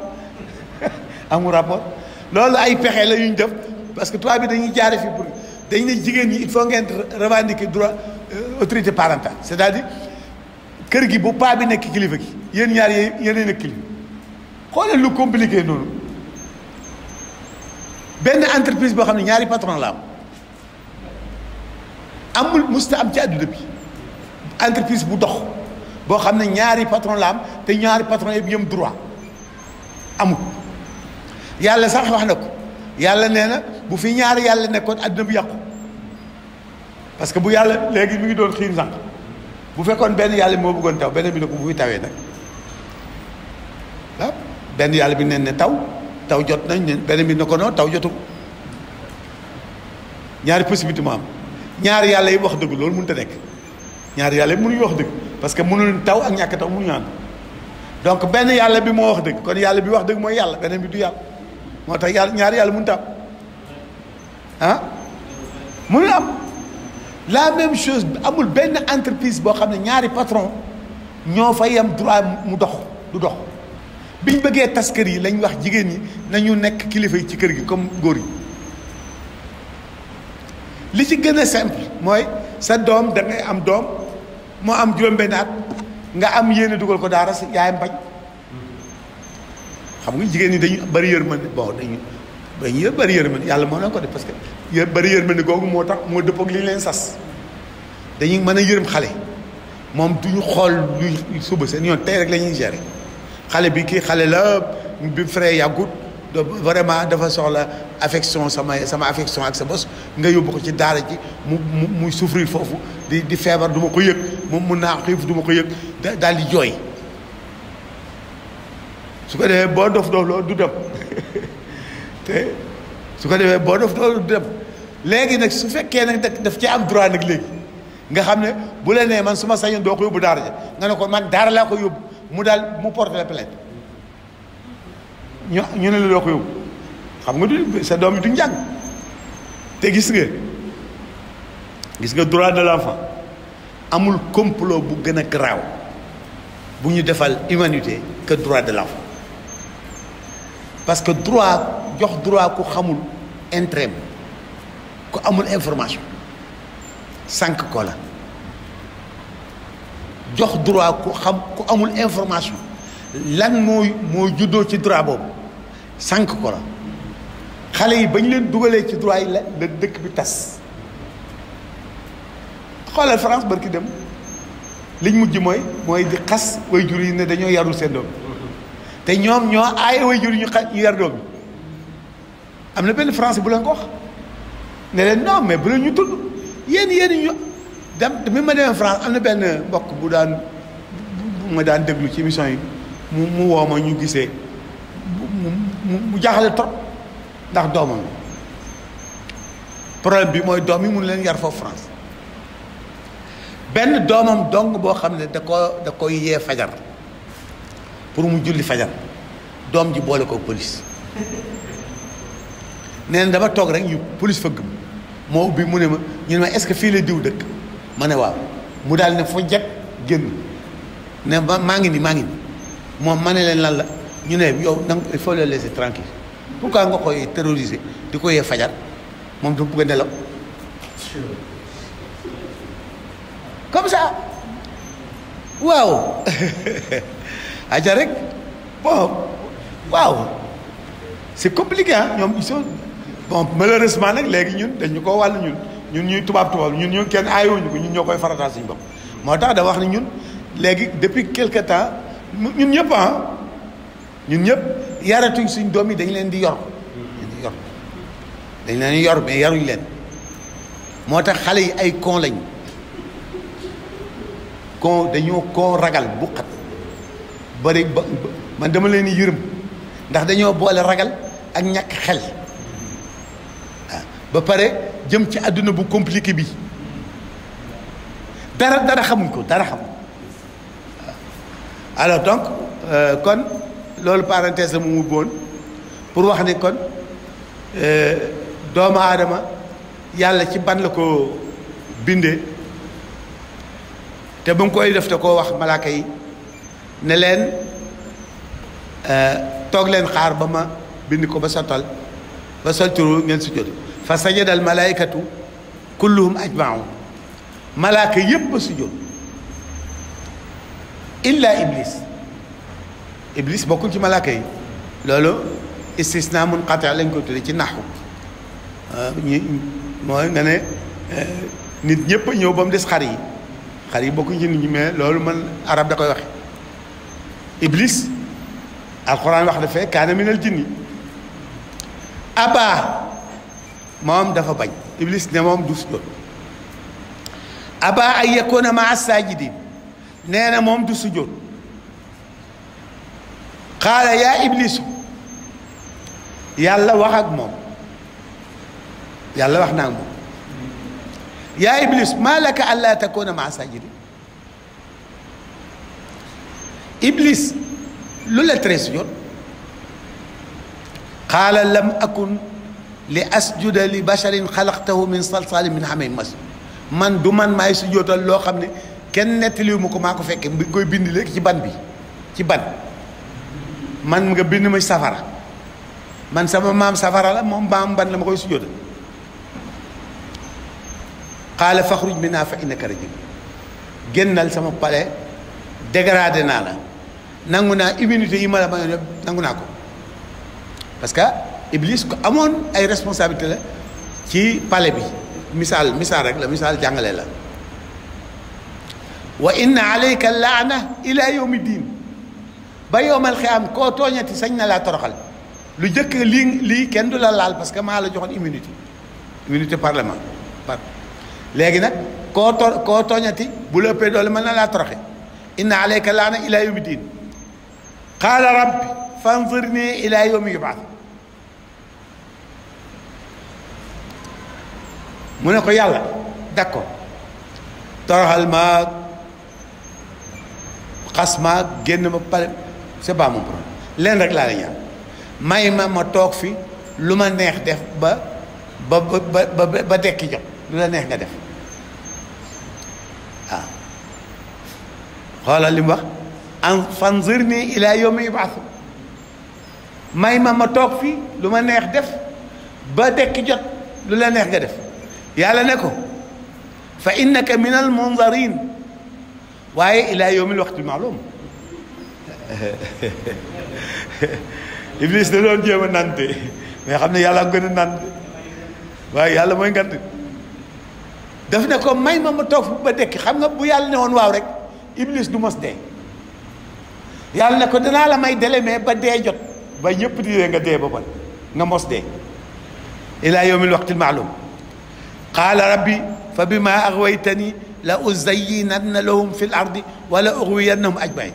Speaker 1: amul rapport loolu ay pexe la ñu def parce que toi bi dañuy jaare fi pour dañ ne jigéen ñi il faut ngeen revendiquer droit euh, autorité parentale c'est-à-dire kër gi bu paa bi nekk kilifa gi yéen ñaar yee yéenay nekk kilifa xoolal lu compliqué noonu benn entreprise boo xam ne ñaari patron la am amul musta am ci àdduna bi entreprise bu dox boo xam ne ñaari patron am te ñaari patron yëpp yëm droit amul yàlla sax wax na ko yàlla nee na bu fi ñaari yàlla nekkoon àdduna bi yàqu parce que bu yàlla léegi mu ngi doon xiin sànq bu fekkoon benn yàlla bi moo bëggoon taw beneen bi ne ko bu tawee nag benn yàlla bi neen ne taw taw jot nañ ne beneen bi ne ko non taw jotul ñaari possibilité mu am ñaari yàlla yi wax dëgg loolu mënut nekk ñaari yàlla yi mënuñu wax dëgg parce que mënuñu taw ak ñàkk taw mënuñu ànd donc benn yàlla bi moo wax dëgg kon yàlla bi wax dëgg mooy yàlla beneen bi du yàlla moo tax yàlla ñaari yàlla mun a ah mënul am. la même chose amul benn entreprise boo xam ne ñaari patron ñoo fay am droit mu dox du dox biñ bëggee tas kër yi lañ wax jigéen ñi nañu nekk kilifa yi ci kër gi comme góor yi li ci gën a simple mooy sa doom dangay am doom moo am juróom-benn at nga am yéene dugal ko daara si yaayam mbañ xam nga jigéen ñi dañu ma yërmande bon dañu dañu bëri yërmande yàlla moo leen ko def parce que yër bëri yërmande googu moo tax moo dëppoo ak li leen sas dañuy mën a yërëm xale moom duñu xool luy suba seen yoon tey rek la ñuy xale bi kii xale la bi frais yàggut vraiment dafa soxla affection sama sama affection ak sa bos nga yóbbu ko ci daara ji mu mu muy souffrir foofu di di feebar du ma ko yëg moom mun naa xiif duma ma ko yëg daal di jooy su ko defee boo dof dof du dem su ko defee boo dof dof léegi nag su fekkee nag daf ci am droit nag léegi nga xam ne bu la nee man su ma sañoon doo ko yóbbu daara ja nga ne ko man daar laa ko yóbbu mu daal mu porté la plainte ñu ñu ne la doo ko yóbbu xam nga du sa doom yi duñ jàng te gis nga gis nga droit de l'enfant amul complot bu gën a garaaw bu ñu defal humanité que droit de l'enfant parce que droit jox droit ku xamul intérêt ku amul information sànq ko la jox droit ku xam ku amul information lan mooy moo juddoo ci droit boobu sànq ko la xale yi ba ñu leen dugalee ci droit yi la la dëkk bi tas xoolal France ki dem liñ mujj mooy mooy di xas way jur yi ne dañoo yarul seen doom te ñoom ñoo aaye way jur yi ñu yar doom yi am na benn france bu leen ko wax ne leen non mais bu leen ñu tudd yéen yéen ñu dem bi ma demee France am na benn mbokk bu daan ma daan déglu ci émission yi mu mu woo ma ñu gisee mu mu jaaxale trop ndax doomam problème bi mooy doom yi mun leen yar foofu France benn doomam dong boo xam ne da ko da ko yee fajar pour mu julli fajar doom ji boole ko police nee na dama toog rek ñu police fëgg ma moo ubbi mu ne ma ñu ma est-ce que fii la diw dëkk ma ne waaw mu daal ne fa jag génn ne ma maa ngi ni maa ngi ni moom ma ne leen lan la ñu ne yow na il faut le laisser tranquille pourquoi nga koy terroriser di ko yee fajar moom du bëgg a nelaw comme ça waaw aja rek bon waaw c'est compliqué ah ñoom ils bon malheureusement nag léegi ñun dañu koo wàllu ñun ñun ñuy tubaab tubaab ñun ñu kenn aayowuñu ko ñun ñoo koy farataal suñu bopp moo tax da wax ni ñun léegi depuis quelque temps ñun ñëpp ah ñun ñëpp yaratuñ suñ doom yi dañ leen di yor dañ dañ leen di yor mais yaruñ leen moo tax xale yi ay con lañ kon dañoo koo ragal buqat bari ba man dama leen yërëm ndax dañoo boole ragal ak ñàkk xel ba pare jëm ci àdduna bu compliqué bi dara dara xamuñ ko dara xamuñ alors donc euh, kon loolu parenthèse la mu mu boon pour wax ni kon euh, doomu aadama yàlla ci ban la ko bindee te ba nga koy def koo wax malaaka yi ne leen euh, toog leen xaar ba ma bind ko ba sottal ba sol turu ngeen si jot fa sajada al malaikatu kulluhum ajmaun malaaka yépp a sujjóot illa iblis iblis bokkul ci malaaka yi loolu istisna munqati lañ ko tudde ci naxu ah, ñu mooy ne eh, nit ñëpp ñëw ba mu des xar yi xar yi bokkuñ ci nit ñi mais loolu man arab da koy waxe iblis alquran wax na fee kaana minal jinni abaa moom dafa bañ iblis ne moom dus doon aba ay yakuna maa saajidin nee na moom du sujjóot qaala yaa iblisu yàlla wax ak moom yàlla wax naa ak moom yaa iblis maa laka allaa takuuna maa saajidin iblis lu la tere sujjóot qaala lam akun li asjuda li basharin xalaqtahu min salsaalin min hama'in masnuun man du man maay sujjootal loo xam ne kenn nettaliwu ma ko maa ko fekkee bi koy bind léegi ci ban bi ci ban man nga bind ma safara man sama maam safara la moom maam ban la ma koy sujjootal qaala faxruj minhaa fa innaka rajiim génnal sama palais dégradé naa la nangu naa immunité yi ma la mayoon nangu naa ko parce Iblis ko amoon ay responsabilité la ci palais bi misaal misaal rek la misaal jàngale la wa inna alayka laana ila yawmi diin ba yowmal xiyaam koo tooñati sañ na laa toroxal lu jëkk li lii kenn du la laal parce que maa la joxoon immunité immunité parlement par léegi nag koo to koo tooñati bu la ëppee doole mën na laa toroxe inna alayka laana ila yawmi diin qaala rabbi fanzirni ila yawmi yubaas mu ne ko yàlla d'accord toroxal maag xas maag génn ma pare c'est pas mon problème leen rek laa la ñaan may ma ma toog fi lu ma neex def ba ba ba ba dekki jox lu la neex nga def waaw xoolal li mu wax an fanzirni ila yawmi yub'athun may ma ma toog fi lu ma neex def ba dekki jot lu la neex nga def yàlla ne ko fa innaka min al munzarin waaye ila yawmil waxtil maalum iblis da doon jéem a nante mais xam ne yàlla gën a nante waaye yàlla mooy ngant daf ne ko may ma ma toog ba dekki xam nga bu yàlla ne woon waaw rek iblis du mos dee yàlla na ko danaa la may dele mais ba dee jot ba ñëpp di nga dee ba bon nga mos dee ila yawmil waxtil maalum qaala rabbi fa bimaa axwaytani la uzayyinanna lahum fi l ardi wala uxwiyannahum ajmain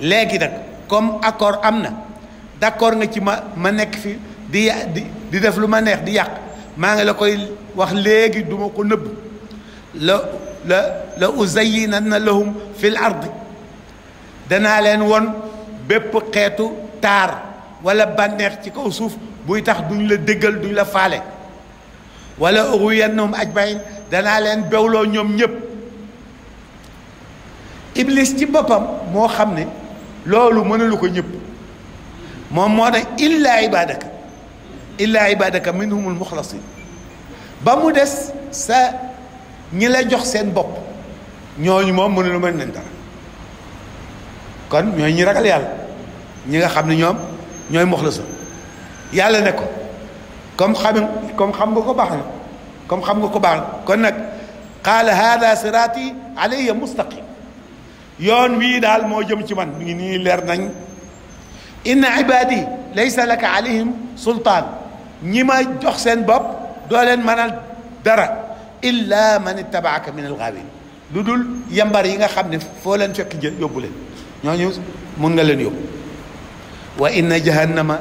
Speaker 1: léegi nag comme accord am na d' accord nga ci ma ma nekk fi di di def lu ma neex di yàq maa ngi la koy wax léegi du ma ko nëbb la la la uzayyinanna lahum fi l ardi danaa leen won bépp xeetu taar wala bànneex ci kaw suuf buy tax duñ la déggal duñ la faale wala uruyannahum ajmain danaa leen bewloo ñoom ñëpp iblis ci boppam moo xam ne loolu mënalu ko ñëpp moom moo tax illaa ibadaka illaa ibadaka minhumul muxlasin ba mu des sa ñi la jox seen bopp ñooñu moom mënulu ma leen dara kon ñooy ñi ragal yàlla ñi nga xam ne ñoom ñooy muxlasin yàlla ne ko comme xam comme xam nga ko baax na comme xam nga ko baax na kon nag qaala hada siraati alayya mustaqim yoon wii daal moo jëm ci man mi leer nañ inna ibadi laysa laka alayhim sultaan ñi ma jox seen bopp doo leen mënal dara illa man ittabaaka min algaawin lu dul yambar yi nga xam ne foo leen fekk jël yóbbu leen ñooñu mun nga leen yóbbu wa inna jahannama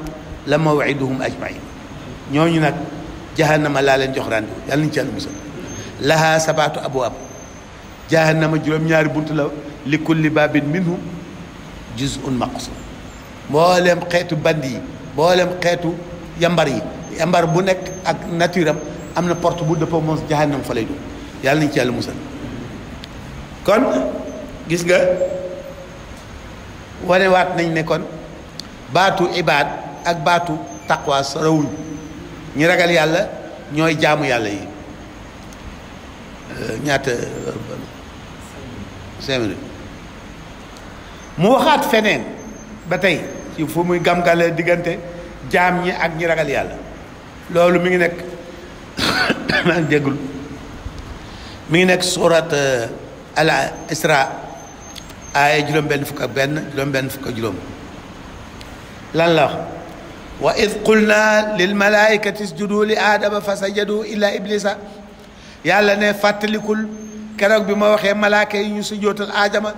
Speaker 1: la mawciduhum ajmain ñooñu nag jahannama laa leen jox ràndu yàlla nañu ci yàlla musal lahaa sabaatu abwaab jahannama juróom-ñaari bunt la li kulli baabin minhum juz'un maqsuum mboolem xeetu band yi mboolem xeetu yambar yi yambar bu nekk ak nature am na porte bu dëppoo moom jahannam fa lay dugg yàlla nañu ci yàlla musal kon gis nga wanewaat nañ ne kon baatu ibaad ak baatu taqwa sorawuñ ñi ragal yàlla ñooy jaamu yàlla yi euh, ñaata euh, cinq mu waxaat feneen ba tey ci fu muy gam diggante jaam ñi ak ñi ragal yàlla loolu mi ngi nekk maa mu ngi nekk surat euh, al isra aaya juróom benn fukk ak benn juróom benn fukk ak lan la wa id qulna lil malaikati isjudu li aadama fa sajadu illa iblisa yàlla ne fàttalikul keroog bi ma waxee malaaka yi ñu sujootal aadama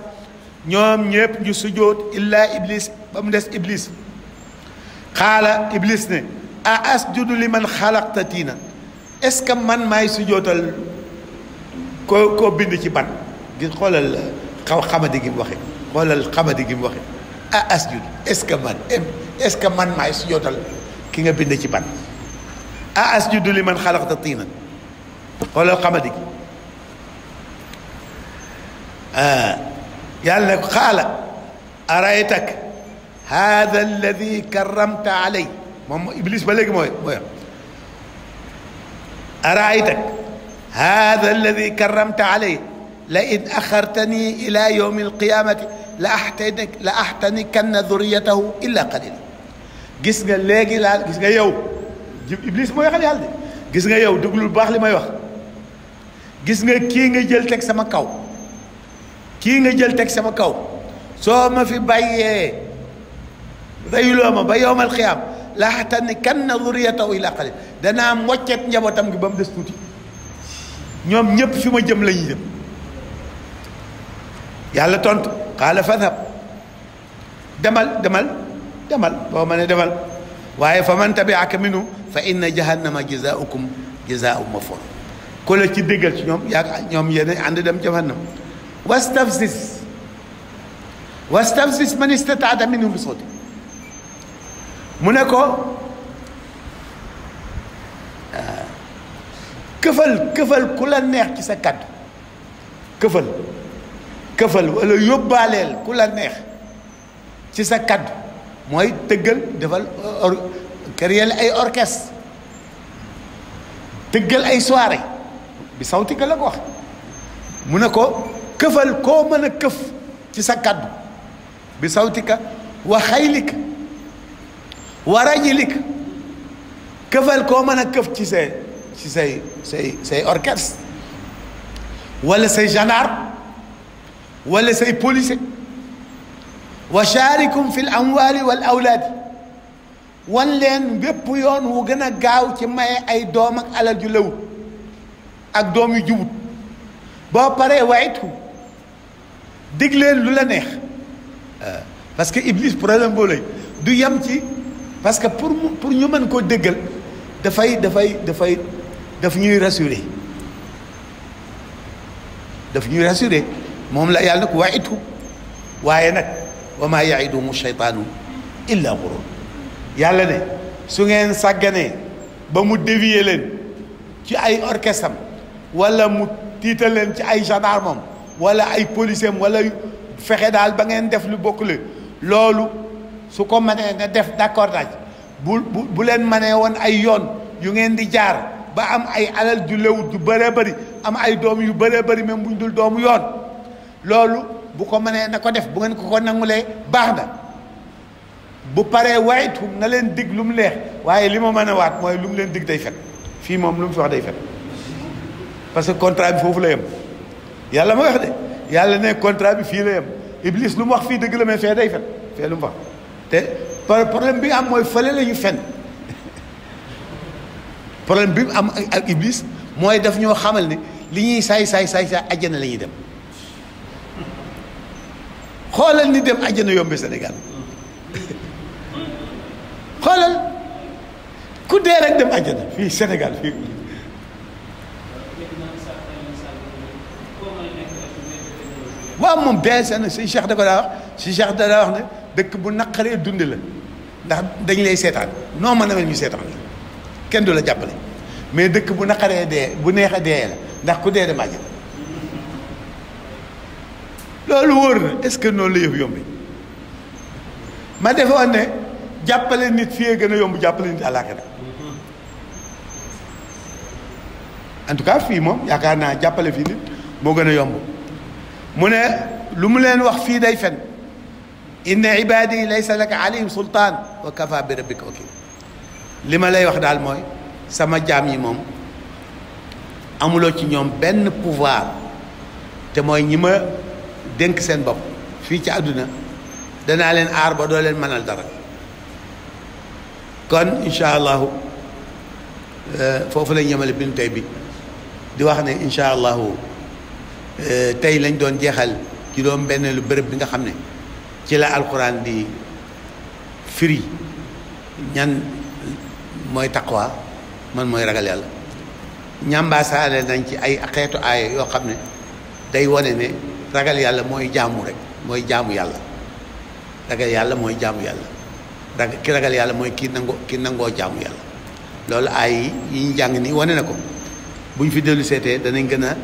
Speaker 1: ñoom ñëpp ñu sujoot illa iblis ba mu des iblis xaala iblis ne a asjudu li man xalaqta tiina est-ce que man maay sujootal koo koo bind ci ban gi xoolal xaw xamadi gi mu waxe a asjudu est-ce man est-ce que man maay sujootal ki nga bind ci ban a asjudu li man xalaqta tiinan xoolal xamadi gi yàlla ne ko xaala araytak hada alladi karamta alay moom iblis ba léegi mooy mooy araytak hada alladi karamta alay la in axartani ila yowmi alqiyamati la axtanik la axtanikanna duriyatahu illa qalila gis nga léegi laal gis nga yow iblis mooy waxal yàlla de gis nga yow déglu bu baax li may wax gis nga kii nga jël teg sama kaw kii nga jël teg sama kaw soo ma fi bàyyee reyuloo ma ba yowmal xiyaam laaxatan ni kan na zuriyatahu ila qalil danaa moccet wàcceet njabootam gi ba mu des tuuti ñoom ñépp fi ma jëm la ñuy yàlla tontu qaala fadhab demal demal demal boo mënee demal waaye fa man tabi'aka minhum fa inna jahannama jazaa'ukum jazaa'un mafuur ku la ci déggal ci ñoom yaa ñoom yéen a ànd dem jahannam wastafzis wastafzis man istataata minhum bi sawtik mu ne ko ah, këfal këfal ku la neex ci sa kàddu këfal këfal wala yóbbaaleel ku la neex ci sa kàddu mooy tëggal defal euh, or créer ay orchestre tëggal ay soirée bi sawtika la ko wax mu ne ko këfal koo mën këf ci sa kàddu bi sawtika wa xaylika wa rajlika këfal koo mën a këf ci say ci say say say orchestre wala say gendarme wala say policier wa sharikum fil amwali wal awlaadi wan leen bépp yoon wu gën a gaaw ci maye ay doom ak alal ju lewut ak doom yu jubut boo paree wayit ku dig leen lu la neex euh, parce que Iblis problème boo lay du yem ci parce que pour mu pour ñu mën koo dëggal dafay dafay dafay daf ñuy rassurer daf ñuy rassurer moom la yàlla na ko waayit ku waaye nag wa maa yaiduhum sheytaanu illa xurur yàlla ne su ngeen sàgganee ba mu dévier leen ci ay orchestre am wala mu tiital leen ci ay gendarme am wala ay policier am wala fexe daal ba ngeen def lu bokkule loolu su ko manee nga def d'accord daaj bu bu bu leen mënee woon ay yoon yu ngeen di jaar ba am ay alal ju lewut du bëree bari am ay doom yu bëree bëri même buñ dul doomu yoon loolu bu ko mënee na ko def bu ngeen ko ko nangulee baax na bu paree waayit na leen dig lu mu leex waaye li ma mën a waat mooy lu mu leen digg day fen fii moom lu mu fi wax day fen parce que contrat bi foofu la yem yàlla ma wax de yàlla ne contrat bi fii la yem Iblis lu mu wax fii dëgg la mais fee day fen fee lu mu wax te problème bi am mooy fële la fen problème bi am ak Iblis mooy daf ñoo xamal ni li ñuy saay saay saay saay lañuy dem xoolal ni dem àjjana yombe Sénégal xoolal ku dee rek dem àjjana fii Sénégal fii waaw moom benn si Cheikh da ko daa wax si Cheikh da daa wax ne dëkk bu naqaree dunde la ndax dañ lay seetaan noo mën a mel ñu seetaan la kenn du la jàppale mais dëkk bu naqaree dee bu neex a dee la ndax ku dee dem àjjana loolu wóor na est-ce que noonu la yëf yombi ma defoon ne jàppale nit fii gën a yomb jàppale nit àllaaxira en tout fii moom yaakaar naa jàppale fii nit moo gën a yomb mu ne lu mu leen wax fii day fen inna ibadi laysa laka alayhim sultaan wa kafa bi rabbika wakiil li ma lay wax daal mooy sama jaam yi moom amuloo ci ñoom benn pouvoir te mooy ñi ma dénk seen bopp fii ci àdduna danaa leen aar ba doo leen mënal dara kon incha allahu euh, foofu lañ yemale bi tey bi di wax ne incha allahu euh, tey lañ doon jeexal juróom benneelu bërëb bi nga xam ne ci la alquran di firi ñan mooy taqwa man mooy ragal yàlla ñambaasaale nañ ci ay xeetu aaya yoo xam ne day wone ne ragal yàlla mooy jaamu rek mooy jaamu yàlla ragal yàlla mooy jaamu yàlla rag ki ragal yàlla mooy kii nangoo ki nangoo jaamu yàlla loolu ay yi ñu jàng nii wane na ko bu ñu fi dellu seetee danañ gën a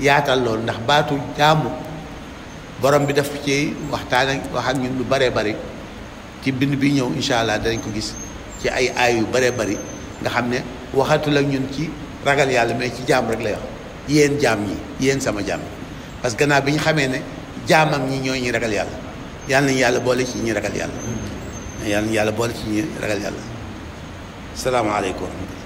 Speaker 1: yaatal loolu ndax baatu jaamu borom bi daf ci waxtaan ak ak ñun lu baree bari ci bind bi ñëw incha allah danañ ko gis ci ay aay yu baree bari nga xam ne waxatul ak ñun ci ragal yàlla may ci jaam rek lay wax yéen jaam yi yéen sama jaam parce que naa bi ñu xamee ne jaamam ñi ñoo ñuy ragal yàlla yàlla nañu yàlla boole ci ñuy ragal yàlla yàlla nañu yàlla boole ci ñuy ragal yàlla salaamaaleykum